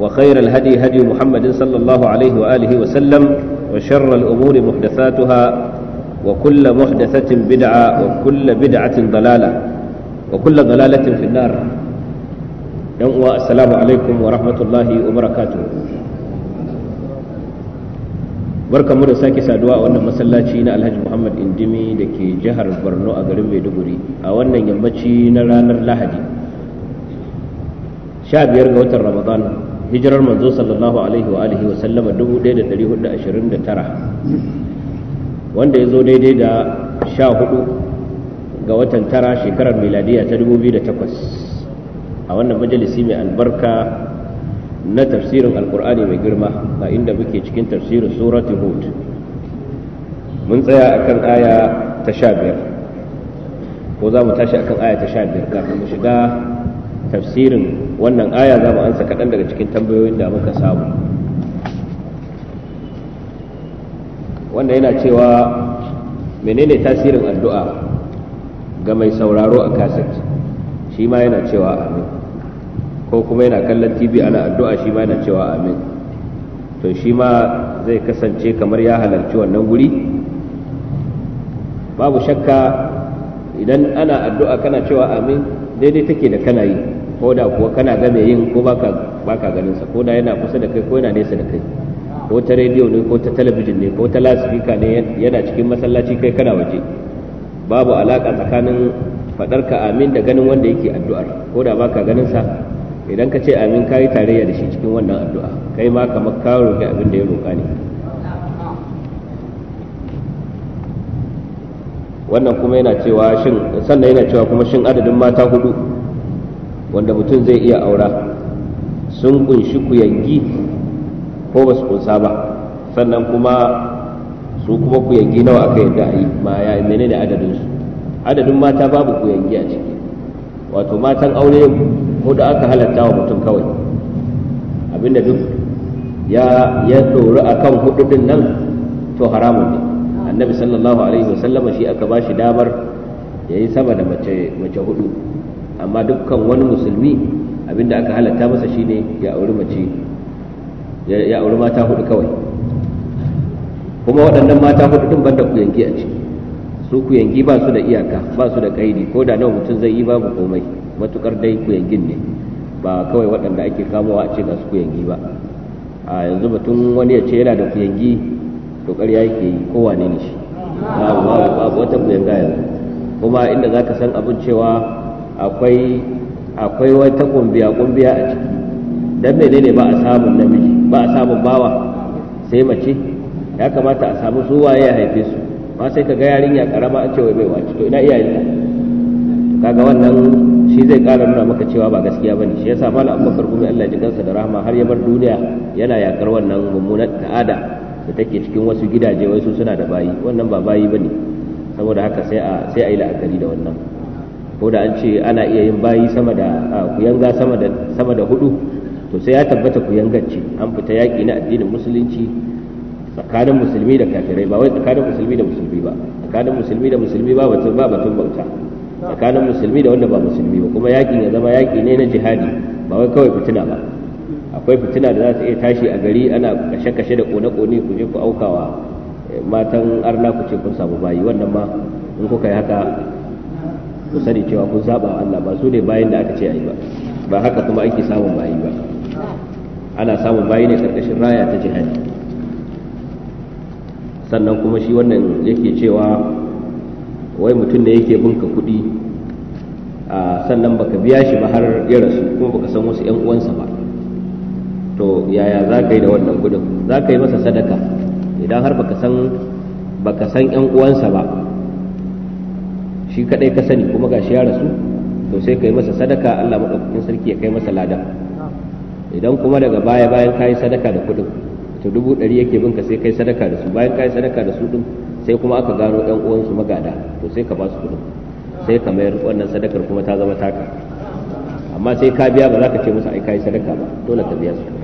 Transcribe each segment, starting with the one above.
وخير الهدي هدي محمد صلى الله عليه وآله وسلم وشر الأمور محدثاتها وكل محدثة بدعة وكل بدعة ضلالة وكل ضلالة في النار السلام عليكم ورحمة الله وبركاته barkan mu da sake saduwa a wannan masallaci na alhaji muhammad indimi da ke jihar borno a garin maiduguri a wannan yammaci na ranar lahadi 15 ga watan ramadan hijirar manzo sallallahu alaihi wa alihi wa sallama 1429 wanda ya zo daidai da 14 ga watan tara shekarar miladiya ta 2008 a wannan majalisi mai albarka na tafsirin alkur'ani mai girma a inda muke cikin tafsirin surat hud mun tsaya akan aya ta 15 ko za mu tashi akan aya ta 15 kafin mu shiga tafsirin wannan aya za mu ansa kaɗan daga cikin tambayoyin da muka samu wanda yana cewa menene tasirin addu'a ga mai sauraro a kasar shi ma yana cewa amin ko kuma yana kallon tv ana addu'a shi ma yana cewa amin to shi ma zai kasance kamar ya halarci wannan guri babu shakka idan ana addu'a kana cewa amin daidai take da kana yi ko da kuwa kana game yin ko baka ganin sa ko da yana kusa da kai ko yana nesa da kai ko ta rediyo ne ko ta talabijin ne ko ta lasifika ne yana cikin masallaci kai kana waje babu alaka tsakanin fadar ka amin da ganin wanda yake addu'ar ko da baka ganin sa idan ka ce amin yi tarayya da shi cikin wannan addu'a kai ma kamar ka roƙi abin da ya roƙa ne wannan kuma yana cewa shin sannan yana cewa kuma shin adadin mata hudu wanda mutum zai iya aura sun kunshi kuyangi ko ba su kunsa ba sannan kuma su kuma kuyangi nawa aka yadda a yi ma ya ne adadin su adadin mata babu kuyangi a ciki wato matan aure hudu aka halatta wa mutum kawai abinda duk ya ya tsoro akan hududin nan to haramun ne annabi sallallahu alaihi wasallama shi aka bashi damar yayi sama da mace mace hudu amma dukkan wani musulmi abinda aka halatta masa shine ya auri mace ya auri mata hudu kawai kuma waɗannan mata hudu din banda ku yanki a ciki su ku yanki ba su da iyaka ba su da kaidi ko da nawa mutum zai yi babu komai matukar dai ku yangin ne ba kawai waɗanda ake kamowa a ce ga su ku yanki ba a yanzu batun wani ya ce yana da ku yanki to ƙarya yake yi wane ne shi babu babu wata ku yanga yanzu kuma inda zaka san abin cewa akwai wata kumbiya kumbiya a ciki dan menene ba a samun namiji ba a samun bawa sai mace ya kamata a samu su waye ya haife su ba sai ka ga yarinya karama a ce bai wace to ina iyayenta to kaga wannan shi zai kara nuna maka cewa ba gaskiya bane shi yasa malam Abubakar kuma Allah ji kansa da rahama har ya bar duniya yana yakar wannan mummunar ta'ada da take cikin wasu gidaje wai suna da bayi wannan ba bayi bane saboda haka sai a sai a yi la'akari da wannan ko da an ce ana iya yin bayi sama da kuyanga sama da sama da hudu to sai ya tabbata kuyangarci an fita yaƙi na addinin musulunci tsakanin musulmi da kafirai ba wai tsakanin musulmi da musulmi ba tsakanin musulmi da musulmi ba batun ba batun bauta tsakanin musulmi da wanda ba musulmi ba kuma yaƙin ya zama yaƙi ne na jihadi ba wai kawai fitina ba akwai fitina da za su iya tashi a gari ana kashe-kashe da kone-kone ku je ku aukawa eh, matan arna ku ce kun samu bayi wannan ma in kuka yi haka ku sani cewa kun saba wa Allah ba su ne bayan da aka ce ayi ba ba haka kuma ake samun bayi ba ana samun bayi ne karkashin raya ta jihadi sannan kuma shi wannan yake cewa wai mutum ne yake binka kuɗi sannan baka biya shi ba har ya rasu kuma baka san wasu 'yan uwansa ba to yaya za ka yi da wannan kuɗin za ka yi masa sadaka idan har baka san baka san 'yan uwansa ba shi kadai ka sani kuma gashi ya rasu to sai kai masa sadaka Allah madaukakin sarki ya kai masa Lada idan kuma daga baya bayan kai sadaka da kuɗin to dubu ɗari yake binka sai kai sadaka da su bayan kai sadaka da su din sai kuma aka gano ɗan uwansu magada to sai ka ba su kuɗin sai ka mayar wannan sadakar kuma ta zama taka amma sai ka biya ba za ka ce musu ai kai sadaka ba dole ka biya su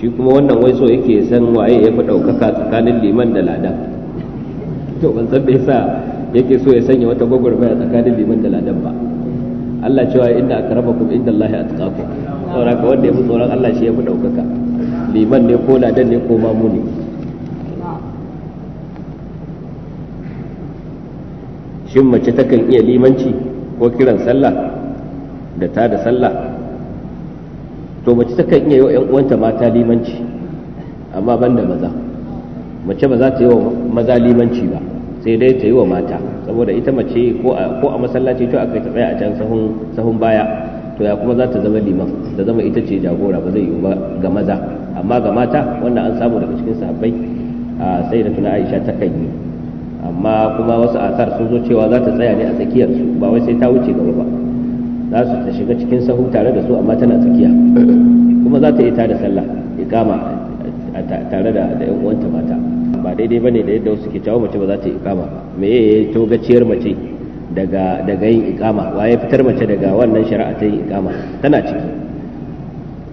shi kuma wannan wai so yake san waye ya fi ɗaukaka tsakanin liman da ladan to ban san me yasa yake so ya sanya wata gwagwarmaya tsakanin liman da ladan ba Allah cewa inna akrabakum inda Allah ya atqakum saboda ka wanda ya fi tsoron Allah shi ya fi ɗaukaka liman ne ko ladan ne ko ma ne shin mace takan iya limanci ko kiran sallah da ta da sallah to mace ta kan iya yi wa 'yan uwanta mata limanci amma ban da maza mace ba za ta yi wa maza limanci ba sai dai ta yi wa mata saboda ita mace ko a masallaci to kai ta tsaya a can sahun baya to ya kuma za ta zama liman ta zama ita ce jagora ba zai yi ba ga maza amma ga mata wanda an samu daga cikin sahabbai sai da tuna aisha ta kan yi amma kuma wasu asar sun zo cewa za ta tsaya ne a tsakiyar su ba wai sai ta wuce gaba ba za su ta shiga cikin sahu tare da su amma tana tsakiya kuma za ta yi tare da sallah kama tare da yan uwanta mata ba daidai bane da yadda wasu ke cewa mace ba za ta yi ikama me ya togaciyar mace daga daga yin wa waye fitar mace daga wannan shari'a ta yin ikama tana ciki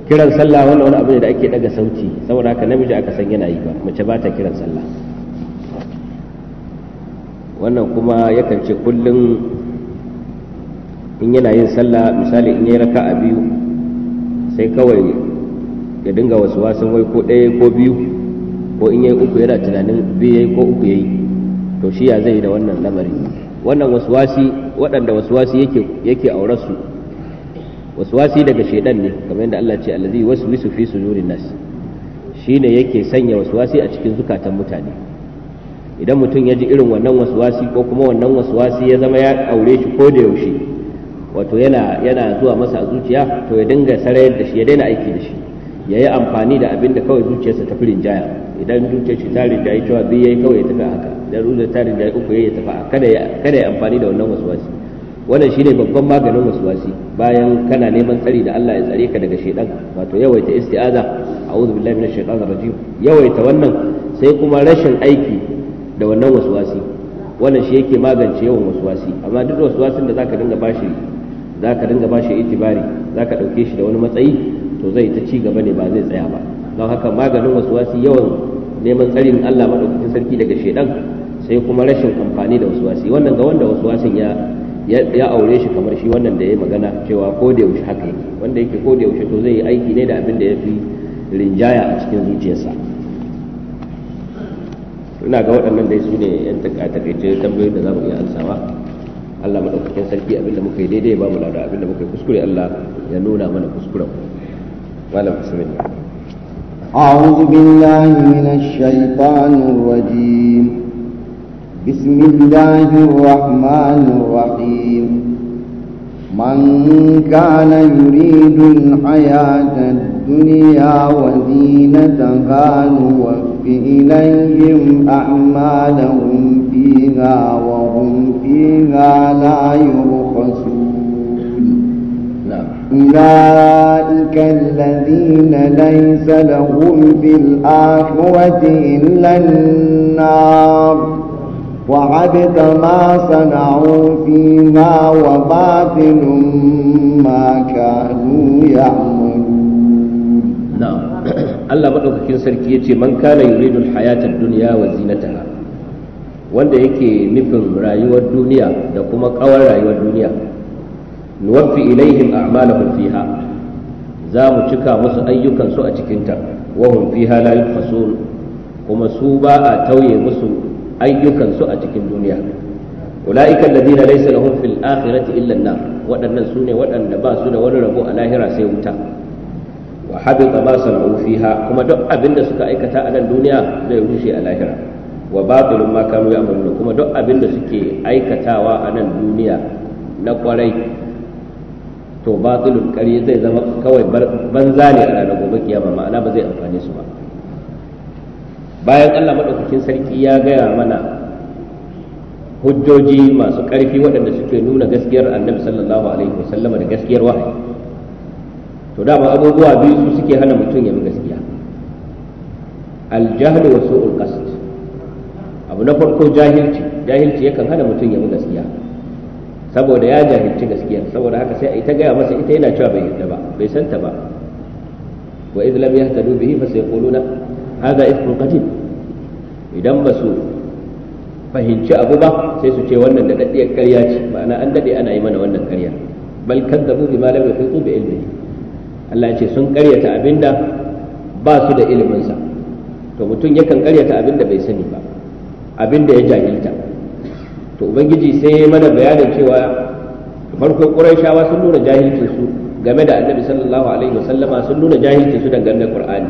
kiran sallah wannan wani abu ne da ake daga sauti saboda haka namiji aka san yana yi ba mace ba ta kiran sallah wannan kuma yakan ce kullum in yana yin sallah misali in yi raka a biyu sai kawai ya dinga wasu wasan wai ko ɗaya ko biyu ko in yi uku yana tunanin biyu yayi ko uku yayi to shi ya zai da wannan lamari wannan wasu wasi waɗanda wasi yake yake aurarsu wasi daga shaidan ne kamar yadda Allah ce allazi waswisu fi sudurin nas shine yake sanya wasu wasi a cikin zukatan mutane idan mutum ya ji irin wannan wasu wasi ko kuma wannan wasu wasi ya zama ya aure shi ko da yaushe wato yana yana zuwa masa a zuciya to ya dinga sarayar da shi ya daina aiki da shi ya yi amfani da abin da kawai zuciyarsa ta firin jaya idan zuciyar shi ta rinjaye cewa biyu ya yi kawai ya tafi haka idan zuciyar tarin rinjaye uku ya yi tafi a kada ya amfani da wannan wasuwasi wannan shine babban maganin wasuwasi bayan kana neman tsari da Allah ya tsare ka daga shaidan wato yawaita isti'aza a'udhu billahi minash shaitanir rajim yawaita wannan sai kuma rashin aiki da wannan wasuwasi wannan shi yake magance yawan wasuwasi amma duk wasuwasin da zaka dinga bashi za ka dinga ba shi itibari za ka ɗauke shi da wani matsayi to zai ta ci gaba ne ba zai tsaya ba don haka maganin wasu wasi yawan neman tsarin Allah maɗaukakin sarki daga shaidan sai kuma rashin amfani da wasu wasi wannan ga wanda wasu ya ya aure shi kamar shi wannan da ya magana cewa ko da yaushe haka yake wanda yake ko da yaushe to zai yi aiki ne da abin da ya fi rinjaya a cikin zuciyarsa ina ga waɗannan da su ne yan takaice tambayoyin da za mu iya ansawa Allah madaukakin sarki abinda muka yi daidai ba mu lada abinda muka yi kuskure Allah ya nuna mana kuskuren malam bismillah a'udhu billahi من الشيطان rajim بسم الله الرحمن الرحيم من كان يريد الحياة الدنيا وزينتها نوفي إليهم أعمالهم فيها وهم فيها لا يبخسون أولئك الذين ليس لهم في الآخرة إلا النار وعبد ما صنعوا فيها وباطل ما كانوا يعملون نعم الله مدوكاكين سركي يتي من كان يريد الحياة الدنيا وزينتها wanda yake nufin rayuwar duniya da kuma kawar rayuwar duniya nuwaffi ilaihim a'malahum fiha za mu cika musu ayyukan su a cikinta wa hum fiha la yubkhasun kuma su ba a tauye musu ayyukan su a cikin duniya ulaika alladhina laysa lahum fil akhirati illa an-nar waɗannan sune waɗanda ba su da wani rabo a lahira sai wuta wa habita ma sana'u fiha kuma duk abinda suka aikata a nan duniya zai rushe a lahira wa batilun ma ya amurna kuma duk abin da suke aikatawa a nan duniya na kwarai to batilun kare zai zama kawai banza ne a ranar gobe kiyama ma'ana ba zai amfani su ba bayan Allah maɗaukakin sarki ya gaya mana hujjoji masu ƙarfi waɗanda suke nuna gaskiyar annabi sallallahu alaihi wasallam da gaskiyar wahayi to dama abubuwa biyu su suke hana mutum ya bi gaskiya aljahl wa su'ul qasd abu na farko jahilci jahilci yakan hana mutum ya bi gaskiya saboda ya jahilci gaskiya saboda haka sai a ta gaya masa ita yana cewa bai yarda ba bai san ta ba wa idh lam yahtadu bihi fa sayquluna hadha ifkun qadim idan ba su fahimci abu ba sai su ce wannan da daddiyar ƙarya ce ma'ana an dade ana yi mana wannan ƙarya bal kadzabu bima lam yuhitu bi ilmihi Allah ya ce sun ƙaryata abinda ba su da ilimin sa to mutum yakan ƙaryata abinda bai sani ba abin da ya jahilta to ubangiji sai ya mana bayanin cewa farko qurayshawa sun nuna jahilcin su game da annabi sallallahu alaihi wasallama sun nuna jahilcin su dangane da qur'ani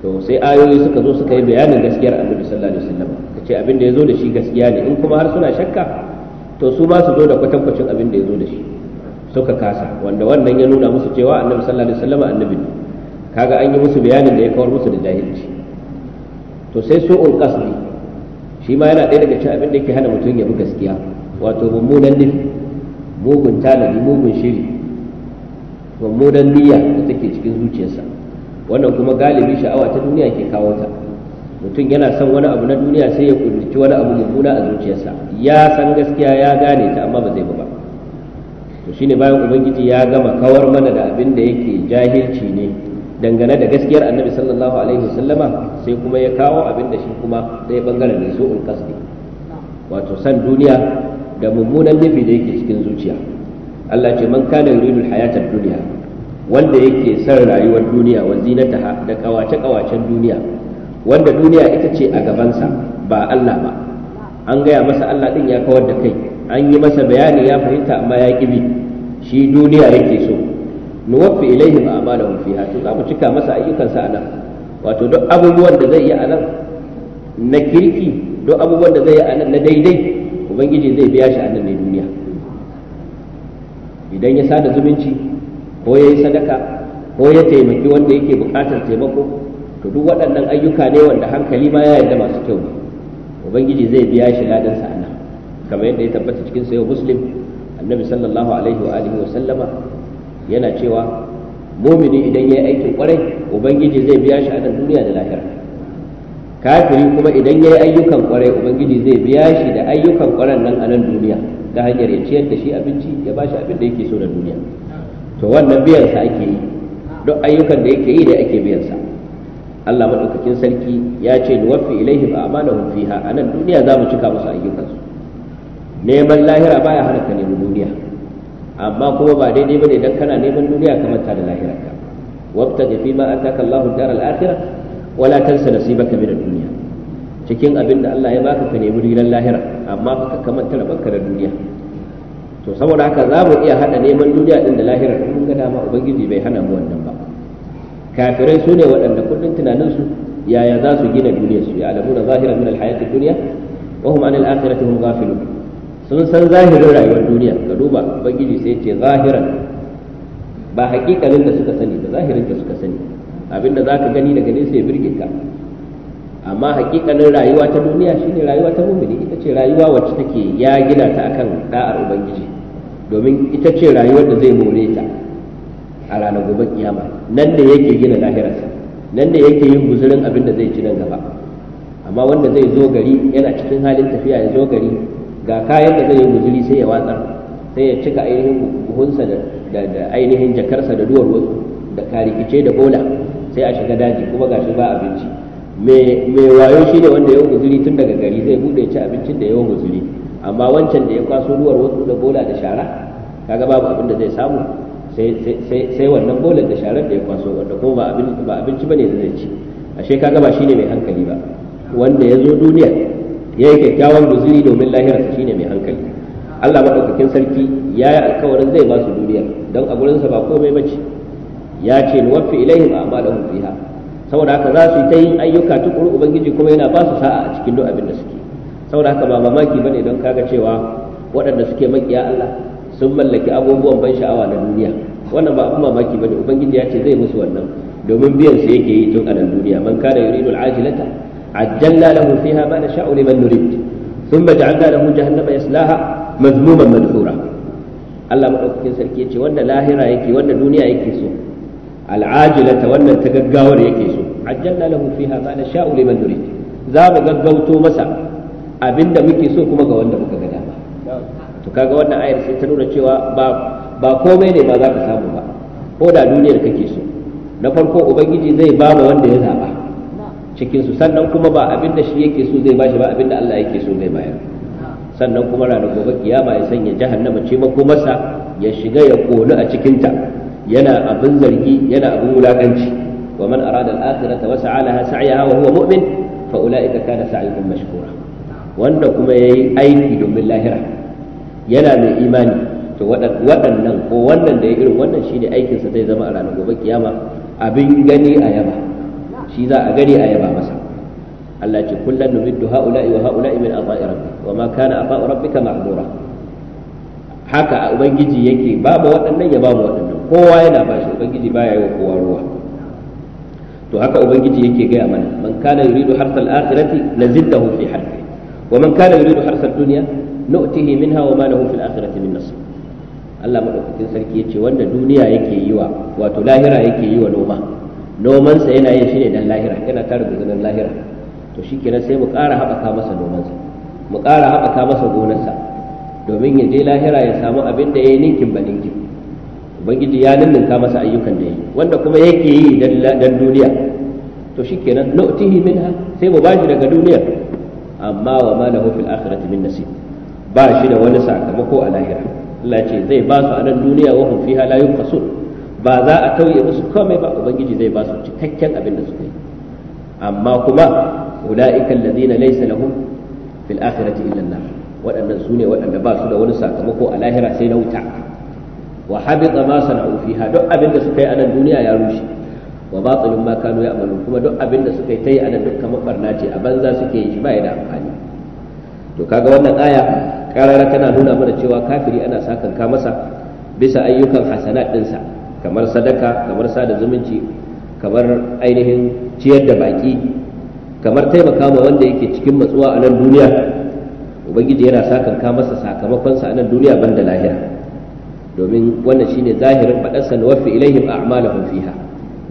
to sai ayoyi suka zo suka yi bayanin gaskiyar annabi sallallahu alaihi wasallama kace abin da ya zo da shi gaskiya ne in kuma har suna shakka to su ma su zo da kwatankwacin abin da ya zo da shi suka kasa wanda wannan ya nuna musu cewa annabi sallallahu alaihi wasallama annabi ne kaga an yi musu bayanin da ya kawar musu da jahilci to sai su'ul qasdi shi ma yana ɗaya daga cikin da ke hana mutum ya bi gaskiya wato mummunan nufi mugun tanadi mugun shiri mummunan niyya da take cikin zuciyarsa wannan kuma galibi sha'awa ta duniya ke kawo ta mutum yana son wani abu na duniya sai ya kudurci wani abu kuna a zuciyarsa ya san gaskiya ya gane ta amma ba zai ba to shine bayan ubangiji ya gama kawar mana da abin da yake jahilci ne dangane da gaskiyar annabi sallallahu alaihi wasallama sai kuma ya kawo abin da shi kuma ɗaya bangaren ne su'ul kasbi wato san duniya da mummunan nufi da yake cikin zuciya Allah ce man kana yuridu hayata duniya wanda yake son rayuwar duniya wa zinataha da kawace kawacen duniya wanda duniya ita ce a gabansa ba Allah ba an gaya masa Allah din ya kawar da kai an yi masa bayani ya fahimta amma ya bi. shi duniya yake so nuwaffi ilaihim a'malahum fiha to za mu cika masa ayyukan sa nan wato duk abubuwan da zai yi a nan na kirki duk abubuwan da zai yi anan na daidai ubangiji zai biya shi a nan ne duniya idan ya sada zumunci ko ya yi sadaka ko ya taimaki wanda yake buƙatar taimako to duk waɗannan ayyuka ne wanda hankali ma ya yarda masu kyau ne ubangiji zai biya shi ladan sa nan kamar yadda ya tabbata cikin sayo muslim annabi sallallahu alaihi wa alihi wa sallama yana cewa mumini idan ya yi aikin kwarai ubangiji zai biya shi a nan duniya da lahira kafiri kuma idan ya yi ayyukan kwarai ubangiji zai biya shi da ayyukan kwaran nan a nan duniya ta hanyar ya ciyar da shi abinci ya ba shi abin da yake so na duniya to wannan biyan sa ake yi duk ayyukan da yake yi da ake biyan sa Allah madaukakin sarki ya ce nuwafi ilaihim amanahum fiha a nan duniya za mu cika musu ayyukansu neman lahira baya hana ka neman duniya amma kuma ba daidai bane dan kana neman duniya kamar ta da lahirarka wabtaghi fi ma ataka Allahu dar al-akhirah wala tansa nasibaka min ad-dunya cikin abin da Allah ya baka ka nemi rilan lahira amma ka kamanta rabanka da duniya to saboda haka za mu iya hada neman duniya din da lahirar mun ga dama ubangiji bai hana mu wannan ba kafirai su ne waɗanda tunanin tunaninsu yaya za su gina duniyarsu ya alamu da zahira min alhayati dunya wa hum anil akhirati hum ghafilun sun san zahirin rayuwar duniya ka duba ubangiji sai ce zahiran ba hakikalin da suka sani ba zahirin da suka sani abinda za ka gani daga nesa ya birge ka amma hakikalin rayuwa ta duniya shine rayuwa ta mumini ita ce rayuwa wacce take ya gina ta akan da'ar ubangiji domin ita ce rayuwar da zai more ta a ranar gobe kiyama nan da yake gina lahirarsa nan da yake yin guzurin abin da zai ci nan gaba amma wanda zai zo gari yana cikin halin tafiya ya zo gari ga kayan da zai yi guzuri sai ya watsar sai ya cika ainihin buhunsa da ainihin jakarsa da duwar wasu da karikice da bola sai a shiga daji kuma gashi ba abinci mai wayo shi ne wanda ya guzuri tun daga gari zai bude ci abincin da ya guzuri amma wancan da ya kwaso duwar wasu da bola da shara kaga babu abin da zai samu sai wannan bolar da sharar da ya kwaso wanda kuma ba abinci bane da zai ci ashe kaga ba shine mai hankali ba wanda ya zo duniyar ya yi kyakkyawan ruzuri domin lahira su shine mai hankali Allah maɗaukakin sarki ya yi alkawarin zai ba su duniya don a gurinsa ba komai ba ce ya ce ni wafi ilaihim a amalahum fiha saboda haka za su yi ta yin ayyuka tukuru ubangiji kuma yana ba su sa'a a cikin duk abin da suke saboda haka ba mamaki bane don kaga cewa waɗanda suke makiya Allah sun mallaki abubuwan ban sha'awa na duniya wannan ba abin mamaki bane ubangiji ya ce zai musu wannan domin biyan su yake yi tun a nan duniya man kada yuridul ajilata عجلنا له فيها ما نشاء لمن نريد ثم جعلنا له جهنم يصلاها مذموما مدحورا Allah maɗaukakin sarki ya ce wannan lahira yake wannan duniya yake so al'ajilata wannan ta gaggawar yake so ajjalna lahu fiha ma nasha'u liman nurid za mu gaggauto masa abinda muke so kuma ga wanda muka ga dama to kaga wannan ayar sai ta nuna cewa ba komai ne ba za ka samu ba ko da duniyar kake so na farko ubangiji zai ba wanda ya zaba cikin su sannan kuma ba abin da shi yake so zai bashi ba abin da Allah yake so zai bayar sannan kuma ranar gobe kiyama ya sanya jahannama ce masa ya shiga ya koli a cikinta yana abin zargi yana abin wulakanci wa man arada al-akhirata wa sa'a laha sa'yaha wa huwa mu'min fa ulaika kana sa'yuhum mashkura wanda kuma yayi aiki domin lahira yana mai imani to waɗannan ko wannan da ya irin wannan shine aikinsa zai zama a ranar gobe kiyama abin gani a yaba shi za a gani a yaba masa Allah ce kullum numiddu ha'ula'i wa ha'ula'i min ata'i rabbi wa ma kana ata'u rabbika ma'dura haka ubangiji yake babu waɗannan ya babu waɗannan kowa yana bashi ubangiji baya yi wa kowa ruwa to haka ubangiji yake gaya mana man kana yuridu harsa al-akhirati laziddahu fi harfi wa man kana yuridu harsa ad-dunya nu'tihi minha wa ma lahu fil akhirati min nasib Allah madaukakin sarki yace wanda duniya yake yi wa wato lahira yake yi wa noma nomansa yana yin shi ne dan lahira yana tara guzurin lahira to shi kenan sai mu ƙara haɓaka masa nomansa mu ƙara haɓaka masa gonarsa domin ya je lahira ya samu abin da ya yi ninkin ba ninkin ubangiji ya ninninka masa ayyukan da ya yi wanda kuma yake yi dan duniya to shi kenan min ha sai mu bashi daga duniyar amma wa ma lahu fil akhirati min nasib ba shi da wani sakamako a lahira Allah ce zai ba su a nan duniya wa hum fiha la yunqasun ba za a tauye musu komai ba ubangiji zai ba su cikakken abin da suka yi amma kuma ulaika alladhina laysa lahum fil akhirati illa an-nar waɗannan su ne waɗanda ba su da wani sakamako a lahira sai na wuta wa habita ma sana'u fiha duk abin da suka yi a nan duniya ya rushe wa batilun ma kanu ya'malun kuma duk abin da suka yi ta yi a nan duk kamar barna ce a banza suke yi shi ba da amfani to kaga wannan aya karara tana nuna mana cewa kafiri ana sakan ka masa bisa ayyukan hasanat ɗinsa kamar sadaka kamar sada zumunci kamar ainihin ciyar da baki kamar taimaka ma wanda yake cikin matsuwa a nan duniya ubangiji yana sakanka masa sakamakonsa a nan duniya banda lahira domin wannan shine zahirin faɗarsa na wafi ilaihim a'malahum fiha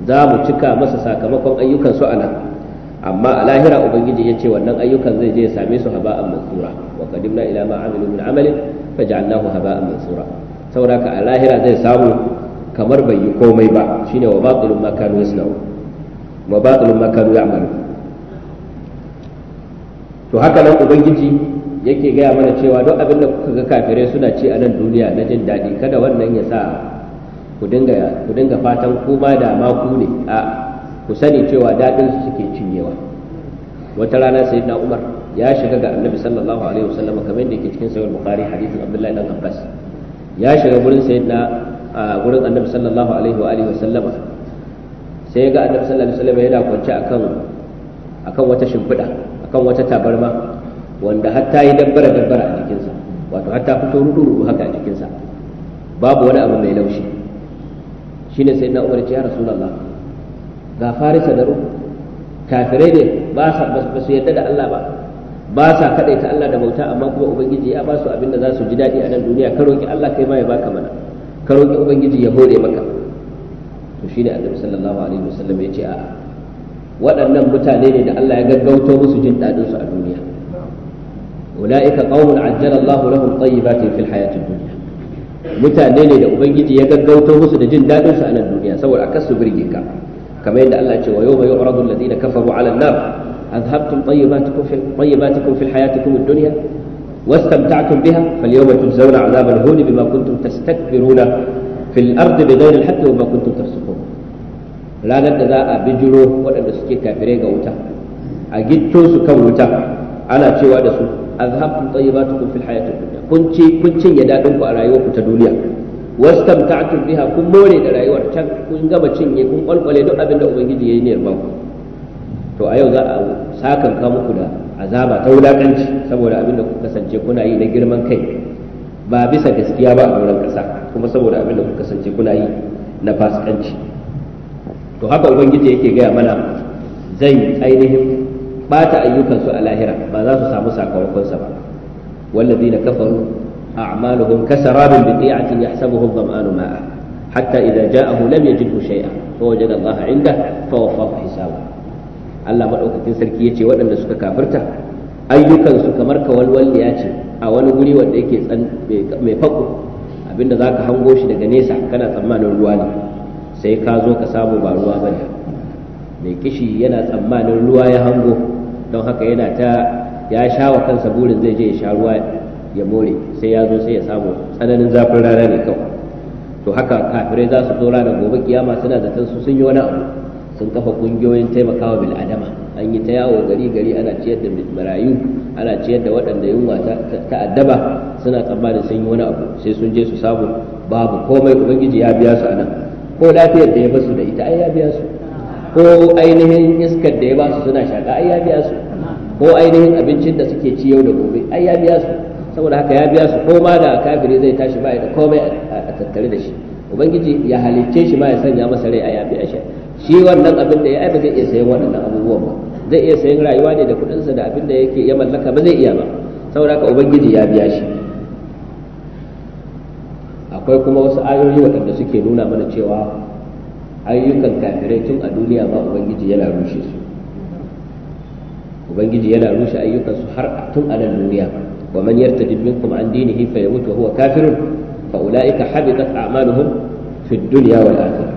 za mu cika masa sakamakon ayyukan su a nan amma a lahira ubangiji ya ce wannan ayyukan zai je ya same su haba'an mansura wa qadimna ila ma amilu min amalin faj'alnahu haba'an mansura saboda ka a lahira zai samu kamar bai yi komai ba shine wa batilun ma kanu yasna'u wa batilun ma ya'malu to haka nan ubangiji yake gaya mana cewa duk abin da kuka ga kafire suna ci a nan duniya na jin daɗi kada wannan ya sa ku dinga ku dinga fatan ku ma da ma ku ne a ku sani cewa daɗin su suke cinyewa wata rana sayyidina Umar ya shiga ga Annabi sallallahu alaihi wasallam kamar yadda yake cikin sahih Bukhari hadisin Abdullahi dan Abbas ya shiga gurin sayyidina a gurin annabi sallallahu alaihi wa alihi wasallama sai ya ga annabi sallallahu alaihi wasallama yana kwance akan akan wata shimfiɗa akan wata tabarma wanda har ta yi dabbara dabbara a jikinsa wato har ta fito rudu rudu haka a jikinsa babu wani abu mai laushi shine sai na umar ya rasulullah ga farisa da ruhu kafirai ne ba sa ba su yadda da Allah ba ba sa kadaita Allah da bauta amma kuma ubangiji ya ba su abin da za su ji daɗi a nan duniya ka roki Allah kai ma ya baka mana ka roƙi ubangiji ya hore maka to shine annabi sallallahu alaihi wasallam ya ce a waɗannan mutane ne da Allah ya gaggauto musu jin dadin su a duniya ulaika qaumun ajjala Allah lahum tayyibatin fil hayatid dunya mutane ne da ubangiji ya gaggauto musu da jin dadin su a nan duniya saboda akas su birge ka kamar yadda Allah ya ce wa yawma yu'radu alladhina kafaru 'ala an-nar أذهبتم طيباتكم في طيباتكم في حياتكم الدنيا واستمتعتم بها فاليوم تجزون عذاب الهون بما كنتم تستكبرون في الأرض بغير الحق وما كنتم تفسقون ranar da za a bijiro waɗanda suke kafirai ga wuta a gitto su kan wuta ana cewa da su azhabtum tayyibatukum fil hayati dunya kun kun cinye dadin a rayuwar ku ta duniya wastamta'tum biha kun more da rayuwar can kun gama cinye kun kwalkwale duk abin da ubangiji yayi niyyar to a yau za a sakan ka da azaba ta wulakanci saboda abin da ku kasance kuna yi na girman kai ba bisa gaskiya ba a wurin kasa kuma saboda abin da ku kasance kuna yi na fasikanci to haka ubangiji yake gaya mana zai ainihin bata ayyukansu a lahira ba za su samu sakamakonsa ba والذين كفروا أعمالهم كسراب بقيعة يحسبه الظمآن ماء حتى إذا جاءه لم يجده شيئا فوجد الله عنده فوفاه حسابه Allah madaukakin sarki yace waɗanda suka kafirta ayyukansu kamar kawalwal ya ce a wani guri wanda yake mai fako abinda zaka hango shi daga nesa kana tsammanin ruwa ne sai ka zo ka samu ba ruwa bane mai kishi yana tsammanin ruwa ya hango don haka yana ta ya sha wa kansa burin zai je ya sha ruwa ya more sai ya zo sai ya samu tsananin zafin rana ne kawai to haka kafirai za su zo ranar gobe kiyama suna zaton su sun yi wani abu sun kafa kungiyoyin taimakawa bil adama an yi ta yawo gari gari ana ciyar da marayu ana ciyar da waɗanda yunwa ta addaba suna tsammanin sun yi wani abu sai sun je su samu babu komai ubangiji ya biya su anan ko lafiyar da ya basu da ita ai ya biya su ko ainihin iskar da ya basu suna shaka ai ya biya su ko ainihin abincin da suke ci yau da gobe ai ya biya su saboda haka ya biya su ko ma da kafiri zai tashi ba ya da komai a tattare da shi ubangiji ya halicce shi ba ya sanya masa rai a ya biya shi shi wannan abin da ya ai ba zai iya sayan waɗannan abubuwan ba zai iya sayan rayuwa ne da sa da abin da yake ya mallaka ba zai iya ba saboda haka ubangiji ya biya shi akwai kuma wasu ayoyi waɗanda suke nuna mana cewa ayyukan kafirai tun a duniya ma ubangiji yana rushe su ubangiji yana rushe ayyukan su har tun a nan duniya wa man yartadid minkum an dinihi fa yamut wa huwa kafirun fa ulaika habitat a'maluhum fid dunya wal akhirah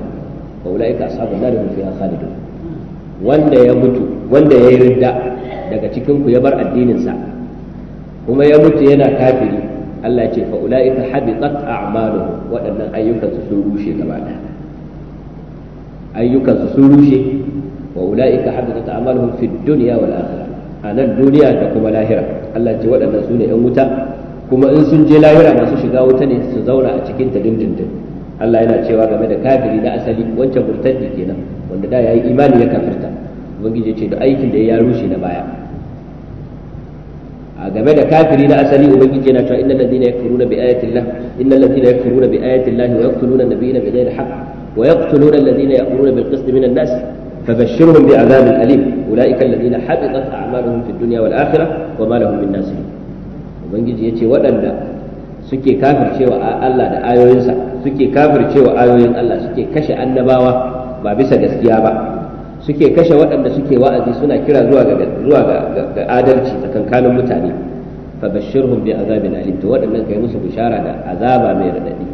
wa ulaika ashabun nar hum fiha khalidun wanda ya mutu wanda ya yi ridda daga cikin ku ya bar addinin sa kuma ya mutu yana kafiri Allah ya ce fa ulaika habitat a'maluhum waɗannan ayyukan su sun rushe gaba ayyukan su sun rushe wa ulaika habitat a'maluhum fid dunya wal akhirah a nan duniya da kuma lahira Allah ce waɗannan su ne 'yan wuta kuma in sun je lahira masu shiga wuta ne su zauna a cikin ta dindindin Allah yana cewa game da kafiri na asali wancan murtaddi kenan wanda da yayi imani ya kafirta ubangiji ce da aikin da ya rushe na baya a game da kafiri na asali ubangiji yana cewa innal ladina yakfuruna bi ayatillah innal ladina yakfuruna bi ayatillah wa yaqtuluna nabiyina bighayri haqq wa yaqtuluna alladina ya'muruna bil qist minan nas فبشرهم بعذاب أليم أولئك الذين حبطت أعمالهم في الدنيا والآخرة وما لهم من ناصرين ubangiji ya ce waɗanda suke kafircewa Allah da ayoyinsa suke kafircewa ayoyin Allah suke kashe annabawa ba bisa gaskiya ba suke kashe waɗanda suke wa'azi suna kira zuwa ga zuwa ga adalci tsakankanin mutane fabashshirhum bi azabin alim to waɗannan kai musu bishara da azaba mai radadi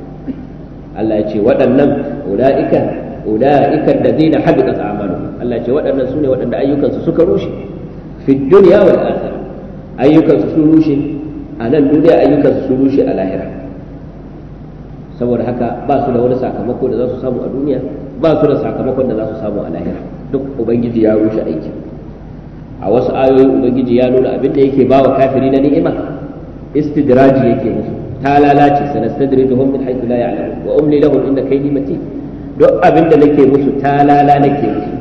Allah ya ce waɗannan ulaika ulaika alladhina habitat a'maluhum Allah ya ce waɗannan sune waɗanda ayyukansu suka rushe fi dunya wal akhirah ayyukansu sun rushe a nan duniya ayyukansu sun rushe a lahira saboda haka ba su da wani sakamako da za su samu a duniya ba su da sakamakon da za su samu a lahira duk ubangiji ya rushe aiki a wasu ayoyi ubangiji ya nuna abin da yake ba wa kafiri na ni'ima istidraji yake musu ta lalace da min haiku la ya'lamun wa umli lahum kai ni mati duk abin da nake musu ta lala nake musu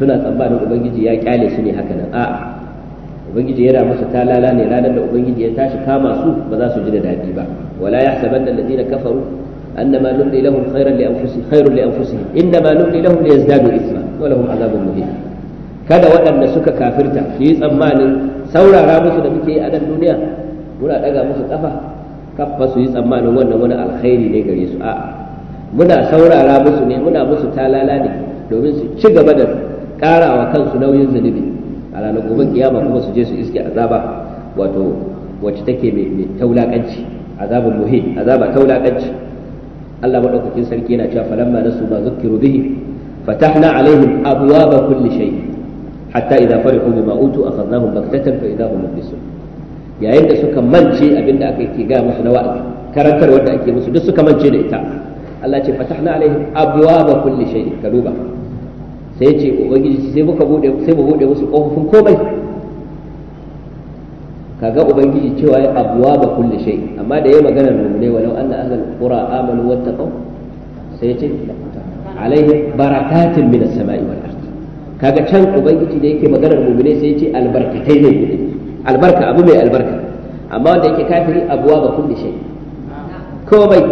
suna tsammanin ubangiji ya kyale su ne haka nan a'a ubangiji yana masa talala ne ranar da ubangiji ya tashi kama su ba za su ji da dadi ba wala yahsabanna alladhina kafaru annama nulli lahum khayran li anfusihim khayrun li anfusihim innama nulli lahum liyazdadu ithma wa lahum adhabun muhin kada waɗanda suka kafirta su yi tsammanin saurara musu da muke yi a nan duniya muna daga musu kafa kafa su yi tsammanin wannan wani alkhairi ne gare su a'a muna saurara musu ne muna musu talala ne domin su ci gaba da ƙarawa kansu nauyin zunubi al'a ranar gobe kiyama kuma su je su iske azaba wato wacce take mai taulakanci azabun muhin azaba taulakanci Allah madaukakin sarki yana cewa falamma nasu ma zukkiru bihi fatahna alaihim abwaba kulli shay hatta idza farihu bima utu akhadnahum baktatan fa idza hum mublisun yayin da suka mance abinda aka yi ga musu na wa'azi karantar wanda ake musu duk suka mance da ita Allah ce fatahna alaihim abwaba kulli shay kaluba sai ce ubangiji sai muka bude sai mu bude musu kofofin komai kaga ubangiji cewa ya abuwa ba kulli shay amma da yayi magana ne walau anna ahlul qura amanu wattaqu sai ce alaihi barakatun min samai wal ard kaga can ubangiji da yake maganar mu'mine sai ce albarkatai ne albarka abu mai albarka amma wanda yake kafiri abuwa ba kulli shay komai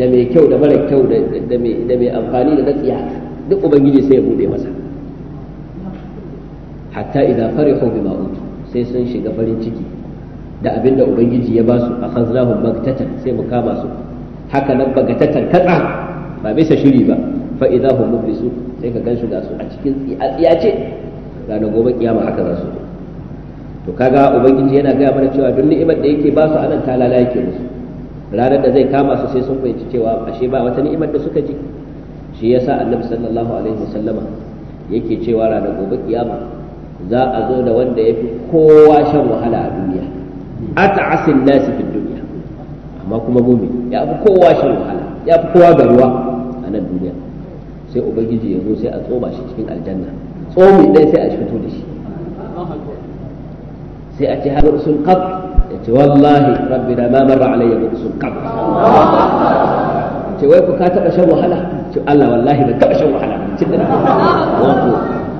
da mai kyau da mara kyau da mai amfani da na tsiya duk ubangiji sai ya bude masa hatta idza farihu bima utu sai sun shiga farin ciki da abinda ubangiji ya basu a khazrahu bagtatan sai mu kama su haka nan bagtatan katsa ba bisa shiri ba fa idza hum mublisu sai ka gansu shiga su a cikin tsiyace ranar gobe kiyama haka za su to kaga ubangiji yana gaya mana cewa duk ni'imar da yake basu anan ta lala yake musu ranar da zai kama su sai sun fahimci cewa ashe ba wata ni'imar da suka ji shi yasa annabi sallallahu alaihi wasallama yake cewa ranar gobe kiyama za a zo da wanda ya fi kowa shan wahala a duniya ata'asin nasi fi duniya amma kuma mumi ya fi kowa shan wahala ya fi kowa garuwa a nan duniya sai ubangiji ya zo sai a tsoma shi cikin aljanna tsomi ɗaya sai a fito da shi sai a ce har sun qab ya ce wallahi da ma marra alayya sun qab ce wai ku ka taɓa shan wahala ce Allah wallahi ban taba shan wahala tun da wato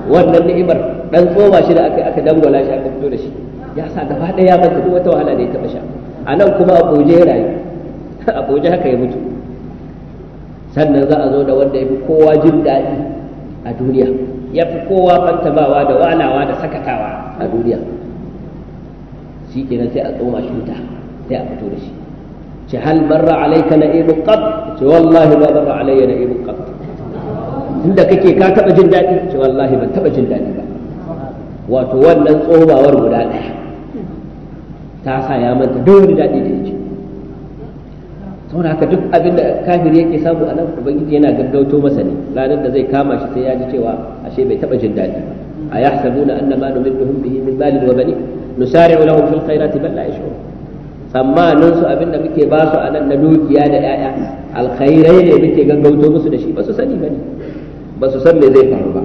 wannan ni'imar dan tsoma shi da aka aka dangwala shi aka fito da shi ya sa gaba ɗaya ban duk wata wahala da ya taɓa sha a nan kuma a ya rayu a koje haka ya mutu sannan za a zo da wanda ya fi kowa jin daɗi a duniya ya fi kowa fantabawa da walawa da sakatawa a duniya shi kenan sai a tsoma shi wuta sai a fito da shi ce hal barra alayka na'ibu qat ce wallahi ba barra alayya na'ibu qat inda kake ka taɓa jin daɗi ce wallahi ban taɓa jin daɗi ba wato wannan tsobawar guda ɗaya ta sa ya manta duk wani daɗi da yake saboda haka duk abin da kafiri yake samu a nan ubangiji yana gaggauto masa ne ranar da zai kama shi sai ya ji cewa ashe bai taɓa jin daɗi a yahsabuna annama numidduhum bihi min malin wa banin nusari'u lahum fil khairati bal la yash'urun tsammanin su abin da muke ba su a nan na dukiya da 'ya'ya alkhairai ne muke gaggauto musu da shi ba su sani ba ne ba su san me zai faru ba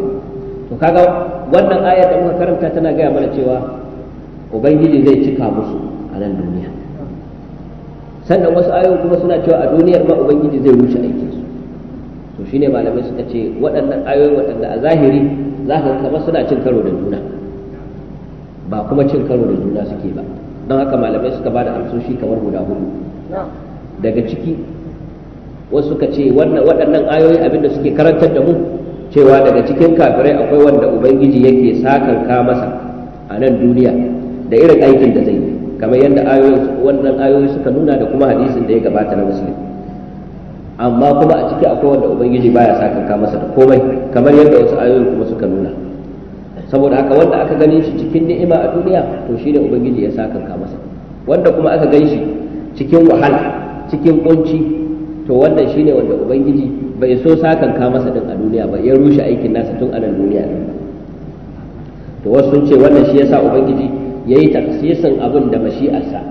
to kaga wannan ayar da muka karanta tana gaya mana cewa ubangiji zai cika musu a nan duniya sannan wasu ayoyi kuma suna cewa a duniyar ma ubangiji zai wuce aikin su to shine malamai suka ce waɗannan ayoyi waɗanda a zahiri za ka kama suna cin karo da juna ba kuma cin karo da juna suke ba don haka malamai suka ba da amsoshi kamar guda hudu daga ciki wasu suka ce waɗannan ayoyi abinda suke karantar da mu cewa daga cikin kafirai akwai wanda ubangiji yake sakan ka masa a nan duniya da irin aikin da zai yi kamar yadda wannan ayoyi suka nuna da kuma hadisin da ya gabata na musulmi amma kuma a ciki akwai wanda ubangiji baya sakan ka masa da komai kamar yadda wasu ayoyi kuma suka nuna saboda haka wanda aka gane shi cikin ni'ima a duniya to shine ubangiji ya saka ka masa wanda kuma aka gani shi cikin wahala cikin kunci to wannan shine wanda ubangiji bai so saka ka masa din a duniya ba ya rushe aikin nasa tun anan duniya din to wasu sun ce wannan shi yasa ubangiji yayi taksisin abin da mashi'arsa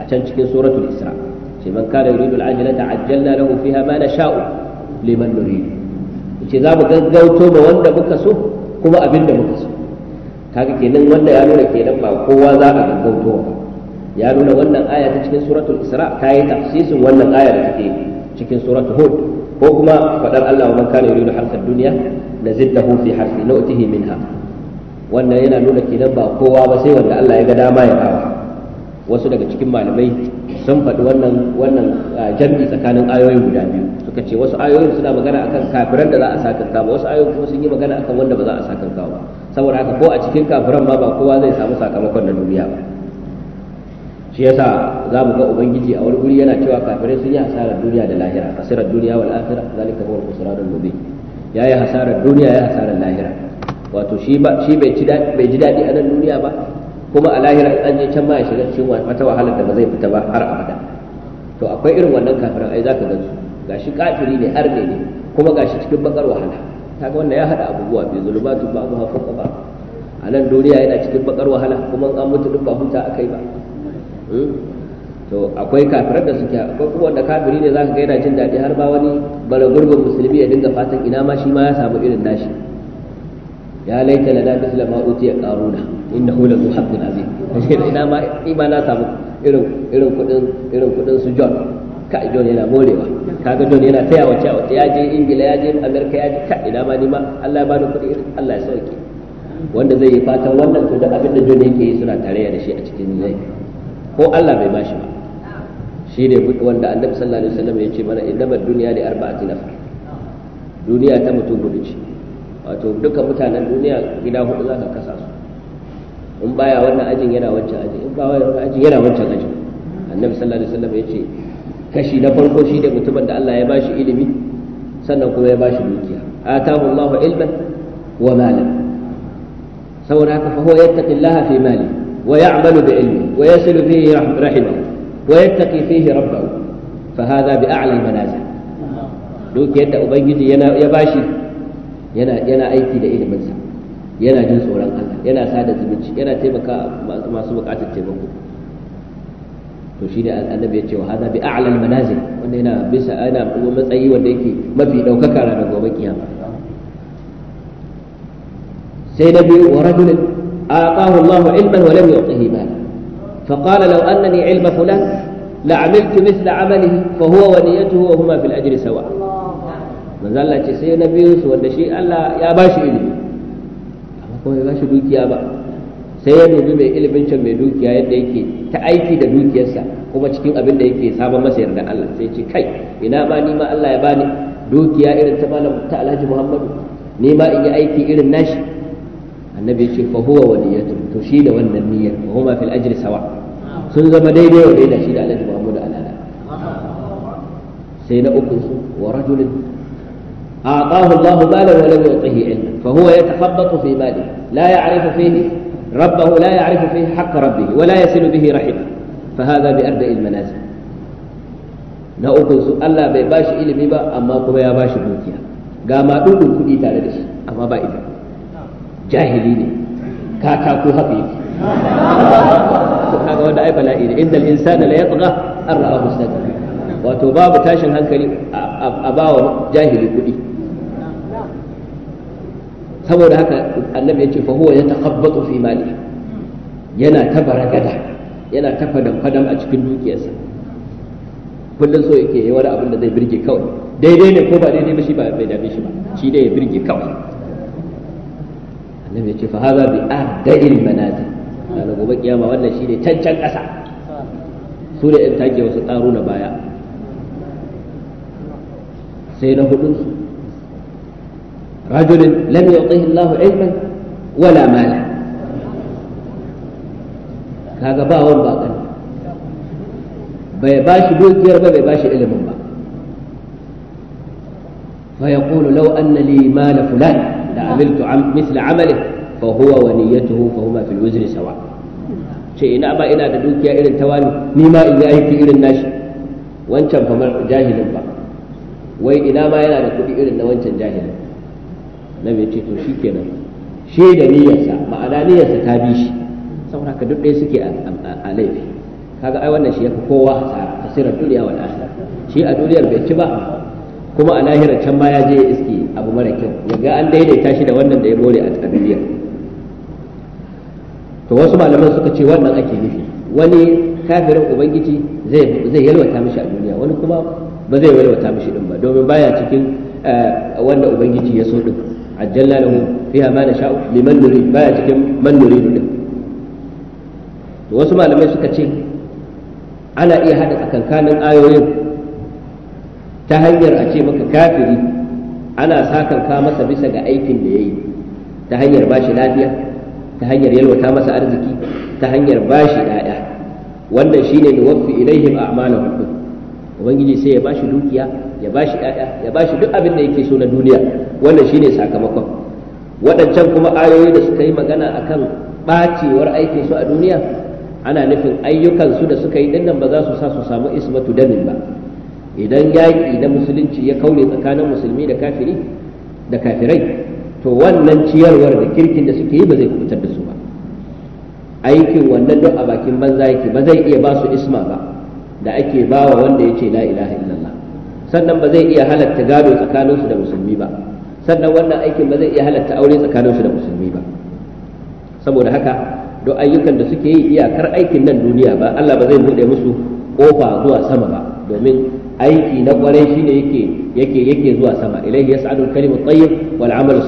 a can cikin suratul isra ce man kana yuridu al-ajlata ajjalna lahu fiha ma nasha'u liman nuridu ce za mu gaggauto ba wanda muka so kuma abin da muka so kaga kenan wanda ya nuna kenan ba kowa za a gaggauto ba ya nuna wannan aya ta cikin suratul isra ta yi tafsisin wannan aya da take cikin suratul hud ko kuma fadar Allah wa man kana yuridu harsa dunya nazidnahu fi harfi nu'tihi minha wannan yana nuna kenan ba kowa ba sai wanda Allah ya ga dama ya bawa wasu daga cikin malamai sun faɗi wannan wannan ah, jami'i tsakanin ayoyin guda biyu suka ce wasu ayoyin suna magana akan kafiran da za a sakanka ba wasu ayoyin kuma sun yi magana akan wanda ba za a sakanka ba saboda haka ko a cikin kafiran ba ba kowa zai samu sakamakon na duniya ba shi yasa za mu ga ubangiji a wani guri yana cewa kafirai sun yi hasarar duniya da lahira hasarar duniya wal akhirah zalika huwa al-khusranul mubin yayi hasarar duniya yayi hasarar lahira wato shi ba shi bai ci bai ji dadi a nan duniya ba kuma a lahira an je can ma ya shiga cikin wata wahalar da ba zai fita ba har abada to akwai irin wannan kafiran ai zaka ga su gashi kafiri ne arne ne kuma gashi cikin bakar wahala kaga wannan ya hada abubuwa bi zulubatu ba hafuka ba a nan duniya yana cikin bakar wahala kuma an mutu duk ba huta akai ba hmm? to akwai kafirar da suke akwai kuma wanda kafiri ne zaka ga yana jin daɗi har ba wani bara gurbin musulmi ya dinga fatan ina ma shi ma ya samu irin nashi ya laita lana mithla ma ya qaruna innahu la haqqun azim ina ma ima na samu irin irin kudin irin kudin su John kai don yana morewa kaga don yana taya wace wace ya je ingila ya je amerika ya je ka ina ma ni ma Allah ya bani kuɗi irin Allah ya sauke wanda zai yi fatan wannan to da abin da don yake yi suna tare da shi a cikin zai ko Allah bai bashi ba shi ne wanda annabi sallallahu alaihi wasallam ya ce mana innama duniya da arba'ati nafar duniya ta mutum gudu ce wato dukkan mutanen duniya gida hudu za ka kasa su in baya wannan ajin yana wancan ajin in baya wannan ajin yana wancan ajin annabi sallallahu alaihi wasallam ya ce kashi na farko shi ne mutumin da Allah ya ba shi ilimi sannan kuma ya ba shi dukiya atahu Allahu ilmin wa malan saboda haka fa huwa yattaqillaha fi mali wa ya'malu bi ilmi wa yasilu fihi rahimahu wa yattaqi fihi rabba'u fa hadha bi a'la manazil dukiyar da ubangiji yana ya bashi yana yana aiki da iliminsa yana jin tsoron Allah yana sada zumunci yana taimaka masu bukatar taimako to shi ne annabi ya ce wa hada bi a'la al manazil wanda yana bisa ana matsayi wanda yake mafi daukaka ranar gobe kiyama sai na biyu wa rajul aqahu Allahu ilman wa lam yu'tihi mala fa qala law annani ilma fulan la'amiltu mithla amalihi fa huwa wa niyyatuhu wa huma fil ajri sawa manzo Allah ce sai na biyu wanda shi Allah ya bashi ilimi amma kuma ya bashi dukiya ba sai ya dubi mai ilimin can mai dukiya yadda yake ta aiki da dukiyarsa kuma cikin abin da yake sabon masa yardan Allah sai ce kai ina ma ni ma Allah ya bani dukiya irin ta malam ta Alhaji Muhammadu ni ma in yi aiki irin nashi annabi ce fa huwa waliyatu to shi da wannan niyyar fa huma fil ajri sawa sun zama daidai wa daidai shi da Alhaji Muhammadu alala sai na uku su wa rajulin أعطاه الله مالا ولم يعطه علما فهو يتخبط في ماله لا يعرف فيه ربه لا يعرف فيه حق ربه ولا يصل به رحمه فهذا بأربع المنازل نأقول سؤال الله بباش إلي ببا أما قم يا باش الموتيا قام أقول كدي تاردش أما بايدا جاهلين كاكا كهبي سبحان الله دائما لا إلي إن الإنسان لا يطغى أرى أبو السادة وتباب تاشن هنكلي أباو جاهلي كدي saboda haka annabi ya ce fa huwa yatakhabbatu fi mali yana ta baragada yana ta fadan fadan a cikin dukiyarsa kullum so yake yi wani abin da zai birge kawai daidai ne ko ba daidai ba shi ba bai dame shi ba shi dai ya birge kawai annabi ya ce fa hadha bi arda'il manazil ranar gobe kiyama wannan shine cancan ƙasa su da yan take wasu tsaro na baya sai na hudunsu رجل لم يعطيه الله علما ولا مالا kaga ba wani ba bai ba shi dukiyar ba bai ba shi ilimin ba fa yaqulu law anna li mala fulan la amiltu mithla amali fa huwa wa niyyatuhu fa huma fil wizri sawa ina ba ina da dukiya irin ta wani ni ma aiki irin nashi wancan fa jahilin wai ina ma yana da kuɗi irin na wancan jahilin annabi ya ce to shikenan shi da niyyarsa ma'ana niyyarsa ta bi shi saboda ka duk suke a laifi kaga ai wannan shi yafi kowa hasara hasirar duniya wal akhirah shi a duniyar bai ci ba kuma a lahirar can ma ya je ya iske abu mara kyau yaga an daidaita shi da wannan da ya more a duniya to wasu malaman suka ce wannan ake nufi wani kafirin ubangiji zai zai yalwata mishi a duniya wani kuma ba zai yalwata mishi din ba domin baya cikin eh, wanda ubangiji ya so din ajjalna lahu fiha ma nasha'u liman ba ya cikin man nurid din to wasu malamai suka ce ana iya hada tsakankanin ayoyin ta hanyar a ce maka kafiri ana sakanka masa bisa ga aikin da yayi ta hanyar bashi lafiya ta hanyar yalwata masa arziki ta hanyar bashi ɗaya wannan shine da wafi ilaihim a'malahum ubangiji sai ya bashi dukiya ya bashi ‘ya’ya ya shi duk abin da yake so na duniya wannan shine sakamakon waɗancan kuma ayoyi da suka yi magana akan ɓacewar aikin su a duniya ana nufin ayyukan su da suka yi dinnan ba za su sa su samu ismatu damin ba idan yaƙi na musulunci ya kaure tsakanin musulmi da kafiri da kafirai to wannan ciyarwar da kirkin da suke yi ba zai kubutar da su ba aikin wannan duk a bakin banza yake ba zai iya ba su isma ba da ake bawa wanda ya ce la ilaha illa sannan ba zai iya halatta gado tsakaninsu da musulmi ba sannan wannan aikin ba zai iya halatta aure tsakaninsu da musulmi ba saboda haka duk ayyukan da suke yi iyakar aikin nan duniya ba Allah ba zai buɗe musu kofa zuwa sama ba domin aiki na kwarai shine yake yake yake zuwa sama ilaihi yas'adu al-kalimu at-tayyib wal 'amalu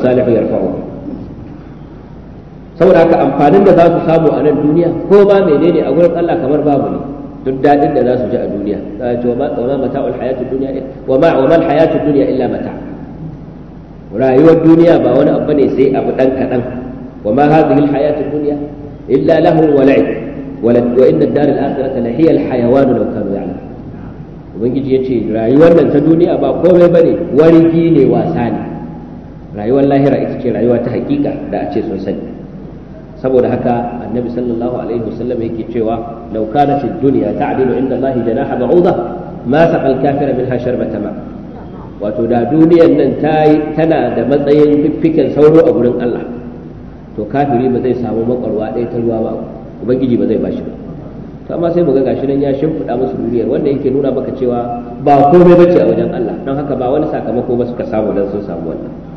saboda haka amfanin da za su samu a nan duniya ko ba menene a gurin Allah kamar babu ne duk daɗin da za su ji a duniya za a ce wa ma mata'ul hayatud dunya wa ma wa mal hayatud dunya illa mata rayuwar duniya ba wani abu ne sai abu dan kadan wa ma hadhihi al hayatud dunya illa lahu wa la'ib wa inna ad-dar al akhirata la hiya al hayawan law kanu ya'lamun ubangiji yace rayuwar nan ta duniya ba komai bane wargi ne wasa ne rayuwar lahira ita ce rayuwa ta hakika da a ce sun sani saboda haka annabi sallallahu alaihi wasallam yake cewa law kanat ad-dunya ta'dilu inda Allah janaha na ma saqa al-kafira minha sharbata wato da duniyar nan tana da matsayin fiffiken sauro a gurin Allah to kafiri ba zai samu makwarwa ɗaya ta ruwa ba ubangiji ba zai bashi ba to amma sai muga gashi nan ya shimfiɗa musu duniyar wanda yake nuna maka cewa ba komai bace a wajen Allah don haka ba wani sakamako ba suka samu dan sun samu wannan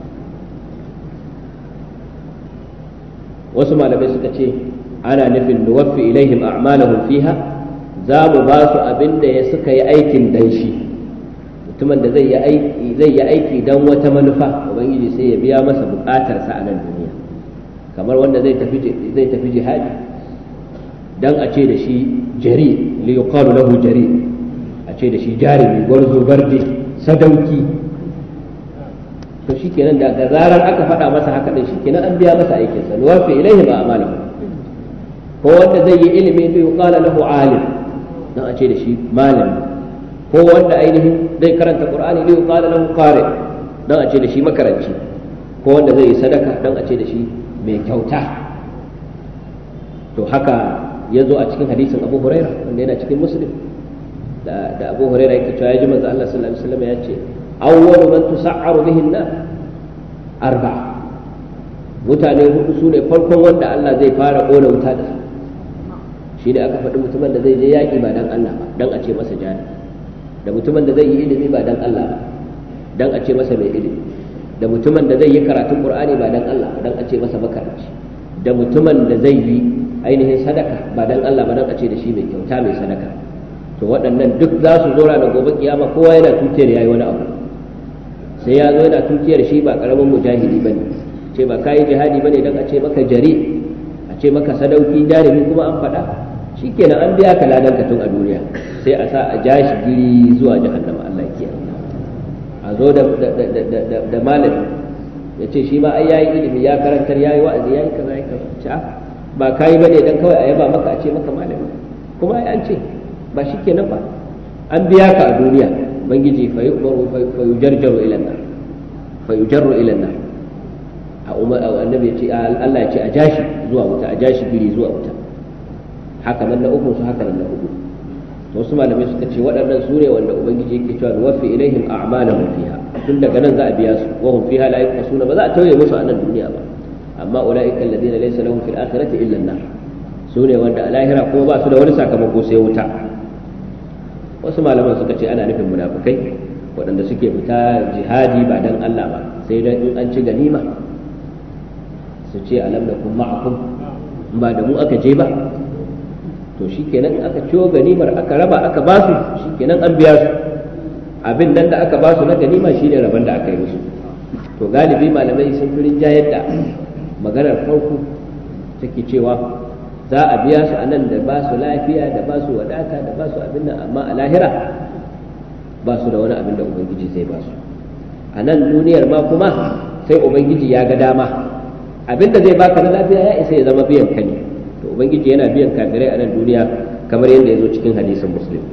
wasu malamai suka ce ana nufin nuwaffi ilaihim a'malahum fiha za mu ba su abin da ya suka yi aikin dan shi mutumin da zai yi aiki don wata manufa ubangiji sai ya biya masa bukatarsa a nan duniya kamar wanda zai tafi jihadi don a ce da shi jari li lahu jari a ce da shi jarimi gwarzo gardi sadauki to shikenan da ga zarar aka faɗa masa haka din shikenan an biya masa aikin sa wa fi ilaihi ma amalahu ko wanda zai yi ilimi to yuqala lahu alim dan a ce da shi malami ko wanda ainihin zai karanta qur'ani to yuqala lahu qari dan a ce da shi makaranci ko wanda zai yi sadaka dan a ce da shi mai kyauta to haka ya zo a cikin hadisin abu huraira wanda yana cikin muslim da abu huraira yake cewa ya ji manzo Allah sallallahu alaihi wasallam ya ce awwalu man tus'aru bihi an-nar mutane hudu su ne farkon wanda Allah zai fara ƙona wuta da su shi ne aka faɗi mutumin da zai je yaƙi ba dan Allah ba dan a ce masa jani da mutumin da zai yi ilimi ba dan Allah ba dan a ce masa mai ilimi da mutumin da zai yi karatun Qur'ani ba dan Allah ba dan a ce masa makaranci da mutumin da zai yi ainihin sadaka ba dan Allah ba dan a ce da shi mai kyauta mai sadaka to waɗannan duk za su zo ranar gobe kiyama kowa yana tutar yayi wani abu sai ya zo yana tukiyar shi ba karamin mujahidi bane ce ba kai jihadi bane dan a ce maka jari a ce maka sadauki jarumi kuma an faɗa shikenan an biya ka ladan ka tun a duniya sai a sa a ja shi giri zuwa jahannama Allah ya kiyaye a zo da da malami ya ce shi ma ai yayi ilimi ya karantar yayi wa'azi yayi kaza yayi kaza ah, ba kai bane dan kawai a yaba maka a ce maka malami kuma ai an ce ba shikenan ba an biya ka a duniya ubangiji fa yukbaru fa yujarjaru ila nar fa yujarru ila nar a umar annabi yace Allah yace a jashi zuwa wuta a jashi biri zuwa wuta haka nan na uku su haka nan na hudu to wasu malamai suka ce waɗannan su ne wanda ubangiji yake cewa nuwaffi ilaihim a'malahum fiha tun daga nan za a biya su wa hum fiha la yuqasuna ba za a tauye musu a nan duniya ba amma ulaika alladhina laysa lahum fil akhirati illa an-nar su ne wanda a lahira kuma ba su da wani sakamako sai wuta wasu malaman suka ce ana nufin munafukai waɗanda suke fita jihadi ba dan Allah ba sai dan in an ci ganima su ce alam kuma ma'akum ba da mu aka je ba to shikenan aka ciwo ganimar aka raba aka basu shikenan an biya su abin nan da aka basu na ganima shine rabon da aka yi musu to galibi malamai sun fi jayar da maganar farko take cewa za a biya su a nan da ba su lafiya da ba su wadata da ba su abin nan amma a lahira ba su da wani abin da ubangiji zai ba su a nan duniyar ma kuma sai ubangiji ya ga dama abin da zai baka na lafiya ya isa ya zama biyan ka ne to ubangiji yana biyan kafirai a nan duniya kamar yadda ya zo cikin hadisin muslim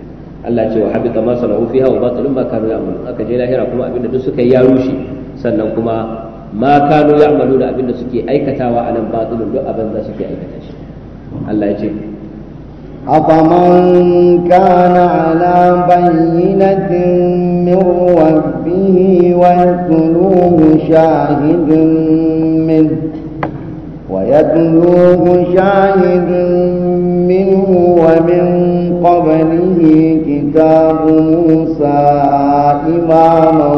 Allah ce wa habita ma sana'u fiha wa batilun ma kanu ya'malun aka je lahira kuma abin da duk suka yi ya rushe sannan kuma ma kanu da abin da suke aikatawa a nan batilun duk abin da suke aikata shi Allah ya ce أفمن كان على بينة من ربه ويتلوه شاهد منه ويتلوه شاهد منه ومن قبله كتاب موسى إماما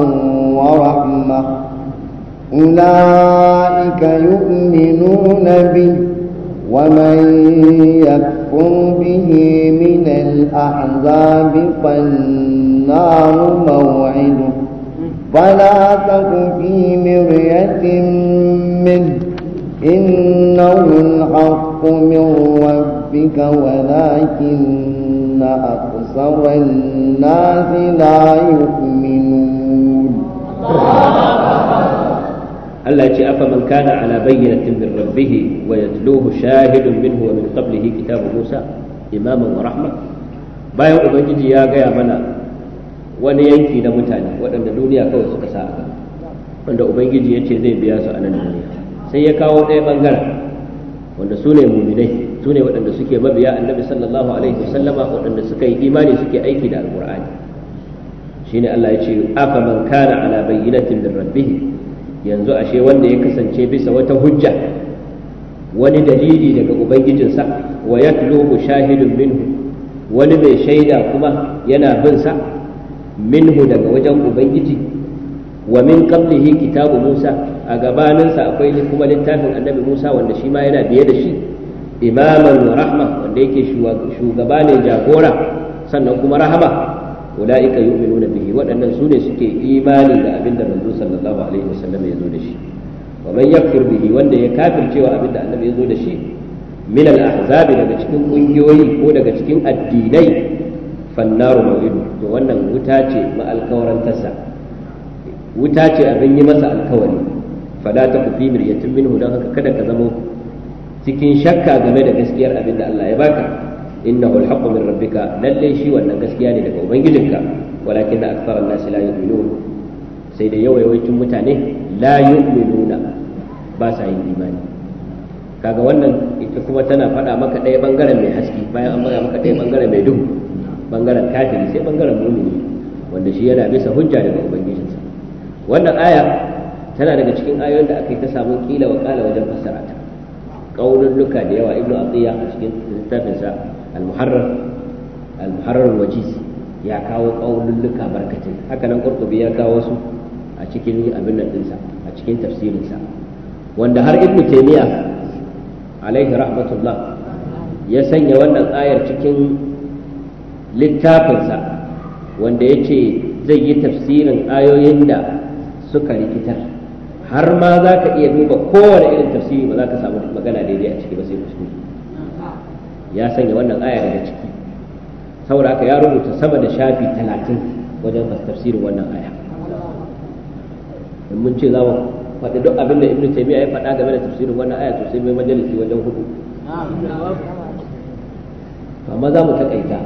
ورحمة أولئك يؤمنون به ومن يكفر به من الأحزاب فالنار موعده فلا تك في مرية منه إنه الحق من ربك ولكن أكثر الناس لا يؤمنون Allah ya ce afa man kana ala bayyinatin min rabbih wa yatluhu shahidun minhu wa min kitabu Musa imaman wa rahma bayan ubangiji ya gaya mana wani yanki na mutane waɗanda duniya kawai suka sa a wanda ubangiji ya ce zai biya su a nan duniya sai ya kawo ɗaya ɓangaren wanda su muminai su waɗanda suke mabiya annabi sallallahu alaihi wasallama waɗanda suka yi imani suke aiki da alƙur'ani shine Allah ya ce afa man kana yanzu ashe wanda ya kasance bisa wata hujja wani dalili daga ubangijinsa wa yatlubu shahidun minhu wani mai shaida kuma yana bin sa minhu daga wajen ubangiji wa min qablihi kitabu Musa a gabaninsa akwai kuma littafin annabi Musa wanda shi ma yana biye da shi imaman rahma wanda yake shugaba ne jagora sannan kuma rahama ulaika yu'minuna waɗannan su ne suke imani da abin da manzo sallallahu alaihi wasallam ya zo da shi wa man yakfur bihi wanda ya kafircewa abin da annabi ya zo da shi min al ahzabi daga cikin kungiyoyi ko daga cikin addinai fannaru mawidu to wannan wuta ce ma alkawarantarsa wuta ce abin yi masa alkawari fada ta kufi miryatin minhu don haka kada ka zamo cikin shakka game da gaskiyar abin da Allah ya baka innahu alhaqqu min rabbika lalle shi wannan gaskiya ne daga ubangijinka walakin na aksara nasi la yu'minun sai da yawayawancin mutane la yu'minuna ba sa yin imani kaga wannan ita kuma tana faɗa maka ɗaya bangaren mai haske bayan an faɗa maka ɗaya bangaren mai duhu bangaren kafiri sai bangaren mumini wanda shi yana bisa hujja daga ubangijinsa wannan aya tana daga cikin ayoyin da aka yi ta samu kila wa kala wajen fassara ta kaululluka da yawa ibnu atiya a cikin littafinsa al-muharrar al-muharrar wajiz ya kawo kaululluka barkatai haka nan ya kawo su a cikin abin ɗinsa a cikin tafsirinsa wanda har ibnu taymiya alaihi rahmatullah ya sanya wannan ayar cikin littafinsa wanda ya ce zai yi tafsirin ayoyin da suka rikitar har ma za ka iya duba kowane irin tafsiri ba za ka samu magana daidai a ciki ba sai ku. ya sanya wannan aya daga ciki saboda haka ya rubuta sama da shafi talatin wajen tafsirin wannan aya mun ce za mu faɗi duk abin da ibnu taymiya ya faɗa game da tafsirin wannan aya to sai mai majalisi wajen hudu amma za mu takaita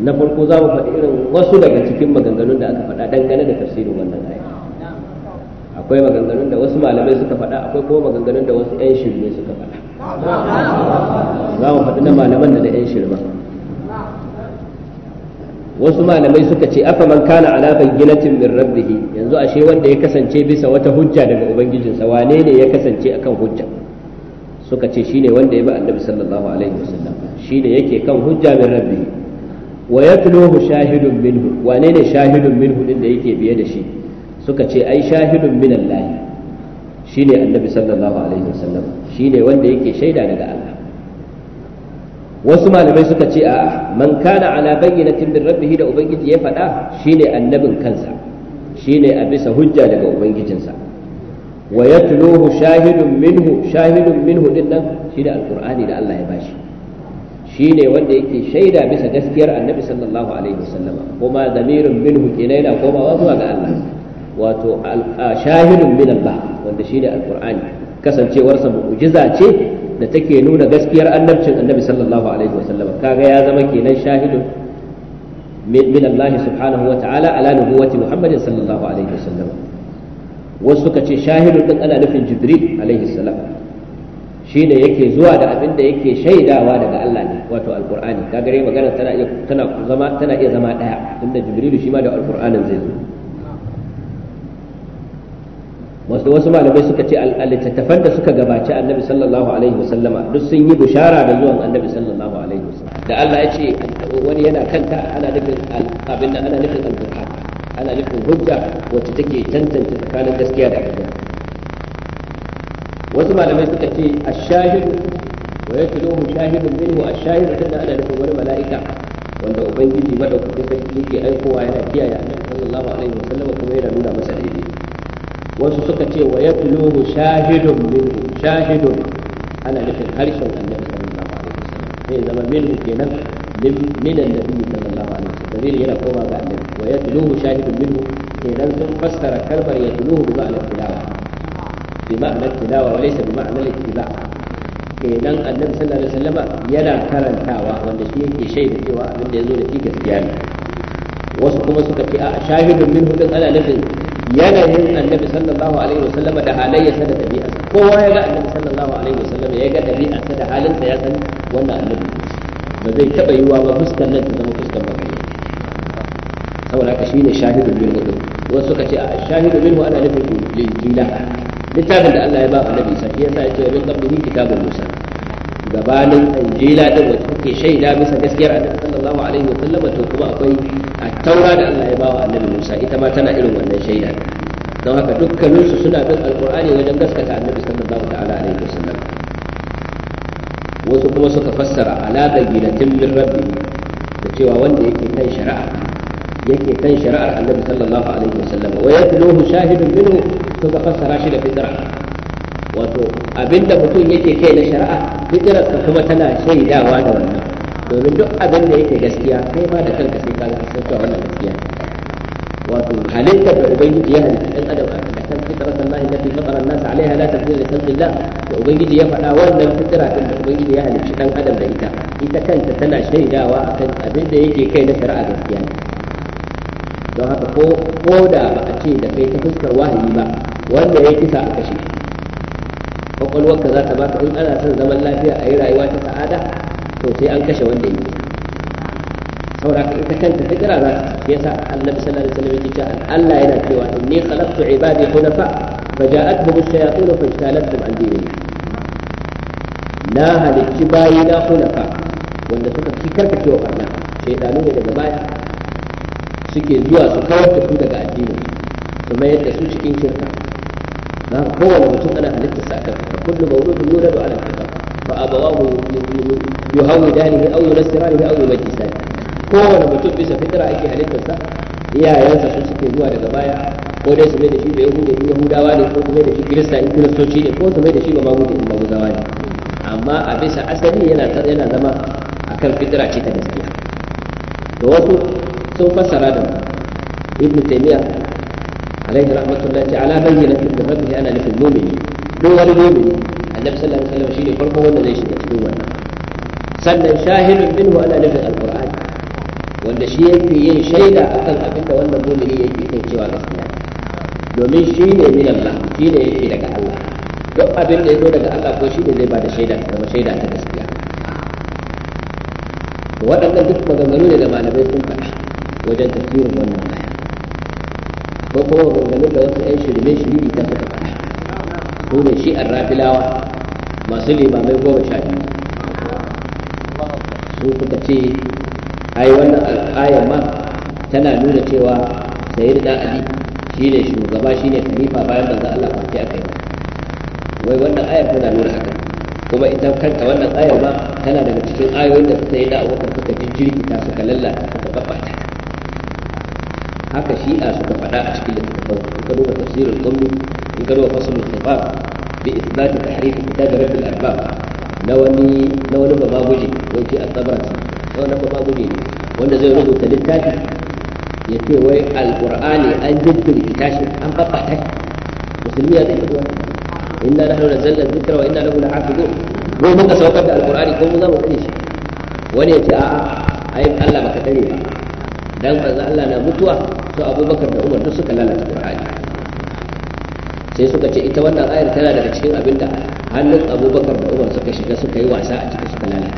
na farko za mu faɗi irin wasu daga cikin maganganun da aka faɗa dangane da tafsirin wannan aya akwai maganganun da wasu malamai suka faɗa akwai kuma maganganun da wasu 'yan shirme suka faɗa za mu faɗi na malaman da na 'yan shirma wasu malamai suka ce afa man kana ala bayyinatin min rabbih yanzu ashe wanda ya kasance bisa wata hujja daga ubangijinsa wane ne ya kasance akan hujja suka ce shine wanda ya bi annabi sallallahu alaihi wasallam shine yake kan hujja min rabbih wa yatluhu shahidun minhu wane ne shahidun minhu din da yake biye da shi suka ce ai shahidun min Allah shine annabi sallallahu alaihi wasallam shine wanda yake shaida daga Allah wasu malamai suka ce a man kana ala bayyinatin min rabbih da ubangiji ya faɗa shine annabin kansa shine a bisa hujja daga ubangijinsa wa yatluhu shahidun minhu shahidun minhu dinnan shine alqur'ani da Allah ya bashi shine wanda yake shaida bisa gaskiyar annabi sallallahu alaihi wasallama kuma zamirin minhu kenan yana komawa zuwa ga Allah wato shahidun min Allah wanda shine alqur'ani kasancewarsa mu'jiza ce da take nuna gaskiyar annabcin annabi sallallahu alaihi wasallam kaga ya zama kenan shahidun min Allah subhanahu wa ta'ala ala nubuwati Muhammadin sallallahu alaihi wasallam wasu suka ce shahidun din ana nufin Jibril alaihi salam shine yake zuwa da abin da yake shaidawa daga Allah ne wato alqur'ani kaga dai magana tana iya tana zama tana iya zama daya tunda Jibril shi ma da alqur'anin zai zo wasu malamai suka ce littattafan da suka gabaci annabi sallallahu alaihi wasallama duk sun yi bushara da zuwan annabi sallallahu alaihi da Allah ya ce wani yana kanta ana nufin abin ana nufin ana nufin hujja wacce take tantance tsakanin gaskiya da ƙarya wasu malamai suka ce ash-shahid wa yatluhu shahidun minhu ash-shahid da ana nufin wani mala'ika wanda ubangiji madaukakin sarki yake aikowa yana kiyaye annabi sallallahu alaihi wasallam kuma yana nuna masa daidai wasu suka ce wa yatluhu shahidun minhu shahidun ana nufin harshen annabi sallallahu alaihi wasallam sai zama minhu kenan min annabi sallallahu alaihi wasallam dalili yana koma ga annabi wa yatluhu shahidun minhu kenan sun fassara kalmar yatluhu bi ma'anar tilawa bi ma'anar tilawa wa laysa bi ma'anar ittiba kenan annabi sallallahu alaihi wasallam yana karantawa wanda shi yake shaida cewa abin da yazo da shi gaskiya ne wasu kuma suka ce a shahidun minhu din ana nufin Yana yanayin annabi sallallahu alaihi wasallama da halayyarsa da ɗabi'arsa kowa ya ga annabi sallallahu alaihi wasallama ya ga ɗabi'arsa da halinsa ya san wannan annabi ba zai taɓa yiwa ba fuskar nan ta zama fuskar makare saboda haka shine shahidu bil hudu wasu suka ce a shahidu bil ana nufin linjila littafin da Allah ya ba annabi sa shi yasa ya ce min qablihi kitabun musa gabanin injila din wacce take shaida bisa gaskiyar annabi sallallahu alaihi wasallama to kuma akwai a taura da Allah ya bawa annabi Musa ita ma tana irin wannan shaida don haka dukkaninsu suna bin alkur'ani wajen gaskata annabi sallallahu ta'ala alaihi wasallam wasu kuma suka fassara ala bayyinatin min rabbi da cewa wanda yake kan shari'a yake kan shari'ar annabi sallallahu alaihi wasallam wa yatluhu shahidun minhu suka fassara shi da fitra wato abinda mutum yake kai na shari'a fitrar kuma tana shaidawa da wannan domin duk abin da yake gaskiya kai ma da kanka sai ka san cewa wannan gaskiya wato halitta da ubangiji ya halitta dan adam a kan fitrar Allah da fi fitrar nas alaiha la tabdila li khalqillah da ubangiji ya faɗa wannan fitra din da ubangiji ya halitta dan adam da ita ita kanta tana shaidawa akan abin da yake kai na shari'a gaskiya don haka ko ko da ba a ce da kai ta fuskar wahayi ba wanda ya kisa a kashe kwakwalwarka za ta baka in ana son zaman lafiya a yi rayuwa ta sa'ada to sai an kashe wanda yake saboda ita kanta ta fikira za ta yasa annabi sallallahu alaihi wasallam yake cewa Allah yana cewa inni khalaqtu ibadi hunafa فجاءتهم الشياطين فاجتالتهم عن دين الله na halicci bayi na hunafa wanda suka ci karkace wa barna shaidanu ne daga baya suke zuwa su kawar da su daga addini su mayar da su cikin shirka na kowane mutum ana halitta sa kan kullu mawludun yuladu da fitra فأبواه يهودانه أو ينسرانه أو يمجسانه kowane mutum bisa fitira ake halittarsa iyayensa su suke zuwa daga baya ko dai su mai da shi da yahuda in yahudawa ne ko su mai da shi kirista in kiristoci ne ko su mai da shi ba magudu in maguzawa ne amma a bisa asali yana yana zama akan fitira ce ta gaskiya da wasu sun fassara da ibnu taymiya alaihi rahmatullahi ala bayyana fi da ana nufin mumini duk wani mumini annabi sallallahu alaihi wasallam shine farko wanda zai shiga cikin wannan sannan shahidun minhu ana nufin alqur'ani wanda shi yake yin shaida akan abin da wannan mu'mini yake kai cewa gaskiya domin shi ne min Allah shi ne yake daga Allah duk abin da ya zo daga Allah ko shi ne zai bada shaida kuma shaida ta gaskiya waɗannan duk maganganu ne da malamai sun faɗa wajen tafsirin wannan aya ko kuma maganganu da wasu 'yan shirme shiriri ta suka faɗa ko ne shi an rafilawa masu limamai goma sha biyu su kuka ce ai wannan al'ayar ma tana nuna cewa sai da ali shi ne shugaba shi ne khalifa bayan za Allah ba ke aka yi wai wannan ayar tana nuna haka kuma ita kanta wannan ayar ma tana daga cikin ayoyin da suka yi da abokan suka jirgita suka lallata suka babbata haka shi'a suka faɗa a cikin littattafan in ka duba tafsirin ummi in ka duba fasalin sifar bi isbatu tahrif kitab rabb al-arbab na wani na wani baba guje yace as-sabrat wannan baba guje ne wanda zai ya ce wai alqur'ani an jiddurkita shi an babbata musulmi ya zai fito inna nahnu nazzalna dhikra wa inna lahu lahafizun mu muka saukar da alqur'ani ko mu za mu kare shi wani ya ce a'a ai Allah ba Allah na mutuwa to Abubakar da Umar suka lalata ƙur'ani. sai suka ce ita wannan ayar tana daga cikin abin da hannun abubakar da umar suka shiga suka yi wasa a cikin suka lalata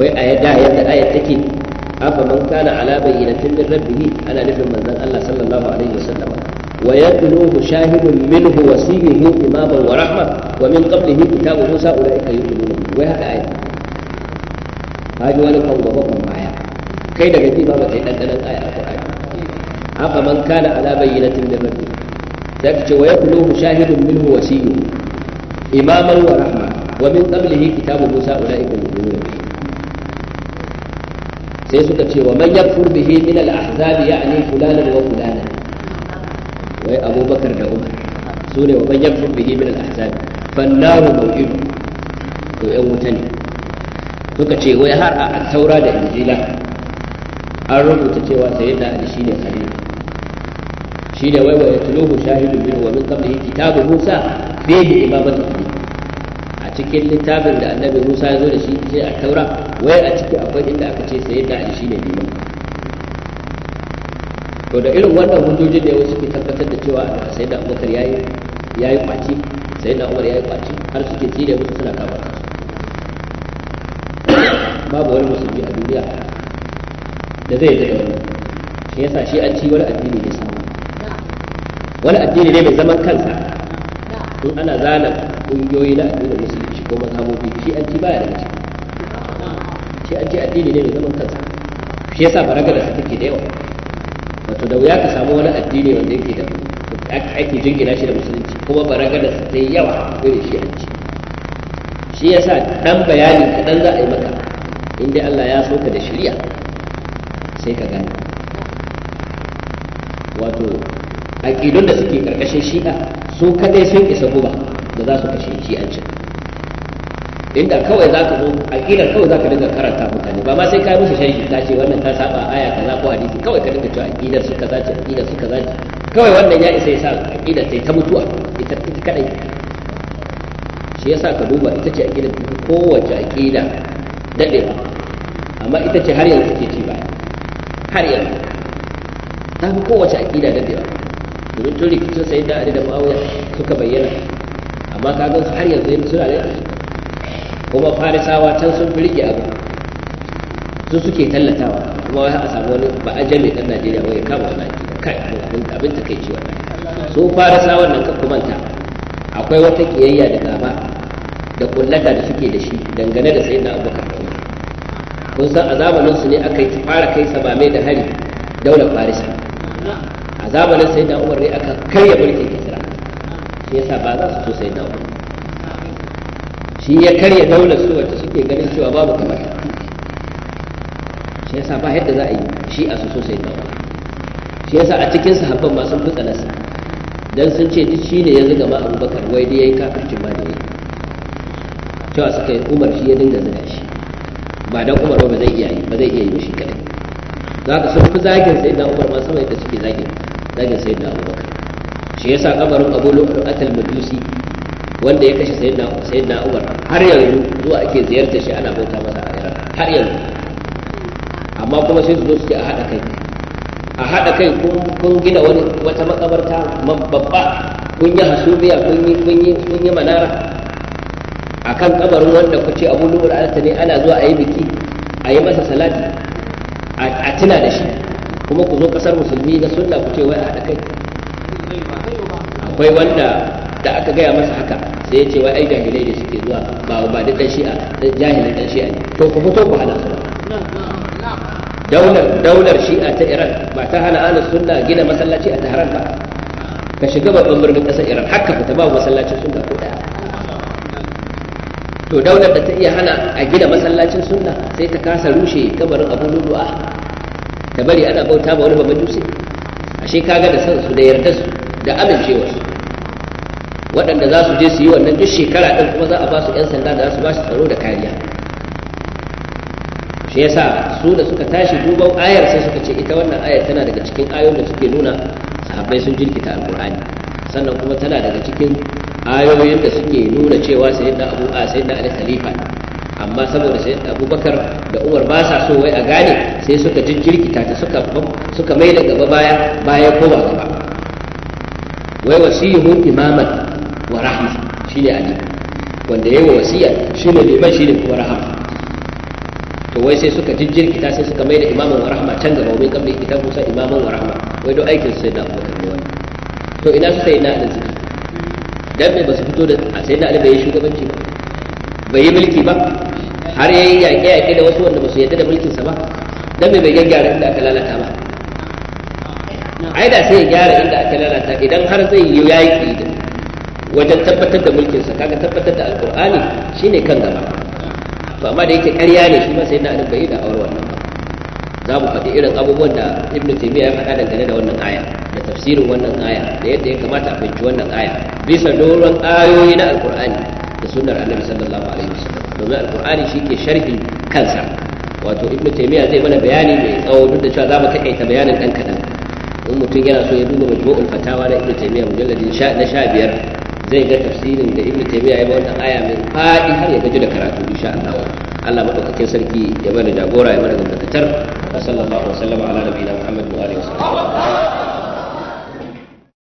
wai a yadda yadda ayar take afa man kana ala bayyinatin min rabbih ana nufin manzon Allah sallallahu alaihi wasallam wa yadluhu shahidun minhu wasihi imaman wa rahma wa min qablihi kitabu musa ulaika yu'minun wai haka ayar haji wani kan gaba kan baya kai daga ji ba ba kai dandanan ayar alqur'ani afa man kana ala bayyinatin min rabbih za ta ce wa ya kuluhu shahidun minhu wasiyu imaman wa rahma wa min qablihi kitabu musa ulaika yu'minuna bihi sai suka ce wa man yakfur bihi min al-ahzab ya'ni fulanan wa fulanan wai abubakar da umar sune wa man yakfur bihi min al-ahzab to yan wuta ne suka ce wai har a taura da injila an rubuta cewa sayyidina ali shine shine wai wa yatluhu shahidun minhu wa min qablihi kitabu Musa fihi imamatu a cikin littafin da annabi Musa ya zo da shi sai a taura wai a ciki akwai inda aka ce sayyidina Ali shine liman to da irin wannan hujjojin da wasu ke tabbatar da cewa sayyidina Abubakar yayi yayi kwaci sayyidina Umar yayi kwaci har suke tsire musu suna kafa babu wani musulmi a duniya da zai da wannan shi yasa shi an ci wani addini ne sama wani addini ne mai zaman kansa in ana zana ƙungiyoyi na addinin musulunci ko mazhabobi shi an ci baya daga ciki shi an ci addini ne mai zaman kansa shi yasa baraga da su take da yawa wato da wuya ka samu wani addini wanda yake da ake jingina shi da musulunci kuma baraga da su sai yawa irin shi an ci shi yasa dan bayani kaɗan za a yi maka inda Allah ya soka da shari'a sai ka gane wato aƙidun da suke ƙarƙashin shi'a su kaɗai sun isa guba da za su kashe shi'ancin inda kawai za ka zo aƙidar kawai za ka dinga karanta mutane ba ma sai ka musu sharhi ta ce wannan ta saba aya kaza ko hadisi kawai ka dinga cewa aƙidar su kaza ce aƙidar su kaza ce kawai wannan ya isa ya sa aƙidar ta ta mutuwa ita ta kaɗai, shi yasa ka duba ita ce aƙidar ta kowace aƙida ba, amma ita ce har yanzu take ci baya har yanzu ta fi kowace aƙida ba. domin tun rikicin sayin da da ma'auya suka bayyana amma ka gan har yanzu yin suna da kuma farisawa can sun fi rike abu su suke tallatawa kuma wai a samu wani ba a jami dan najeriya wai kama wani da kai abin ta kai ciwon su farisawan nan kuma kumanta akwai wata kiyayya da gaba da kullata da suke da shi dangane da sayin da abubakar kun san a zamaninsu ne aka fara kai samame da hari daular farisa a zamanin sai da umar ne aka karya mulkin kisra shi yasa ba za su so sai da umar shi ya karya daular su wacce suke ganin cewa babu kamar shi yasa ba yadda za a yi shi a su so sai da umar shi yasa a cikin sahabban ma sun fi tsanarsa dan sun ce duk shi ne ya zuga ma abubakar wai dai yayi kafircin ma da yayi cewa suka yi umar shi ya dinga zuga shi ba dan umar ba zai iya yi ba zai iya yi shi kadai za ka sun fi zagin sai da umar ma sama yadda suke zagin dajin abu bakar shi yasa kabarin abu lu'atul majusi wanda ya kashe sayyidina sayyidina umar har yanzu zuwa ake ziyarta shi ana bauta masa a iran har yanzu amma kuma sai su zo su ce a haɗa kai a haɗa kai kun gina wani wata makabarta babba kun yi hasumiya kun yi manara a kan kabarin wanda ku ce abu lu'ul ne ana zuwa a yi biki a yi masa salati a tuna da shi kuma ku zo kasar musulmi na sunna ku ce wai a haɗa kai akwai wanda da aka gaya masa haka sai ya ce wai ai jahilai da suke zuwa ba ba da dan shi'a jahilin dan shi'a ne to ku fito ku hana su daular daular shi'a ta Iran ba ta hana ahlus sunna gina masallaci a Tehran ba ka shiga babban birnin kasar Iran haka fita babu masallacin sunna ko daya to daular da ta iya hana a gina masallacin sunna sai ta kasa rushe kabarin Abu Lu'lu'a ta bari ana bauta ba wani ba majusi ashe kaga da san su da yarda su da amincewa su waɗanda za su je su yi wannan duk shekara ɗin kuma za a ba su 'yan sanda da za su ba su tsaro da kariya shi yasa su da suka tashi duban ayar sai suka ce ita wannan ayar tana daga cikin ayoyin da suke nuna sahabbai sun jirkita alkur'ani sannan kuma tana daga cikin ayoyin da suke nuna cewa sayyidina abu a sayyidina ali khalifa amma saboda sai abubakar da umar ba sa so wai a gane sai suka jirkita ta suka suka mai da gaba baya baya ko ba gaba wai wasiyuhu imaman wa rahma shine ali wanda yayi wa wasiya shine shi shine kuma rahma to wai sai suka jirkita sai suka mai da imaman wa rahma can gaba wai kabli kitab kusa imaman wa rahma wai don aikin sai da abubakar ne wani to ina su sai na da ziki dan me ba su fito da sai da alibai bai shugabanci ba bai yi mulki ba har ya yi yaƙe yaƙe da wasu wanda ba su yadda da mulkinsa ba don mai bai gyara inda aka lalata ba ai da sai ya gyara inda aka lalata idan har zai yi yaƙi wajen tabbatar da mulkinsa kaga tabbatar da alƙur'ani shine kan gaba to amma da yake ƙarya ne shi ma sai na adam bai da aure wannan ba za mu faɗi irin abubuwan da ibn taymiya ya faɗa dangane da wannan aya da tafsirin wannan aya da yadda ya kamata a fahimci wannan aya bisa doron ayoyi na alƙur'ani da sunnar annabi sallallahu alaihi wasallam domin alkur'ani shi ke sharhin kansa wato ibnu taymiya zai mana bayani mai tsawo duk da cewa za mu takaita bayanin ɗan kaɗan in mutum yana so ya duba majmu'ul fatawa na ibnu taymiya mujalladin na sha biyar zai ga tafsirin da ibnu taymiya ya ba wannan aya mai faɗi har ya gaji da karatu insha Allah Allah madaukakin sarki ya mana jagora ya mana gambatar sallallahu alaihi wa sallam ala nabiyina Muhammad wa alihi wa sahbihi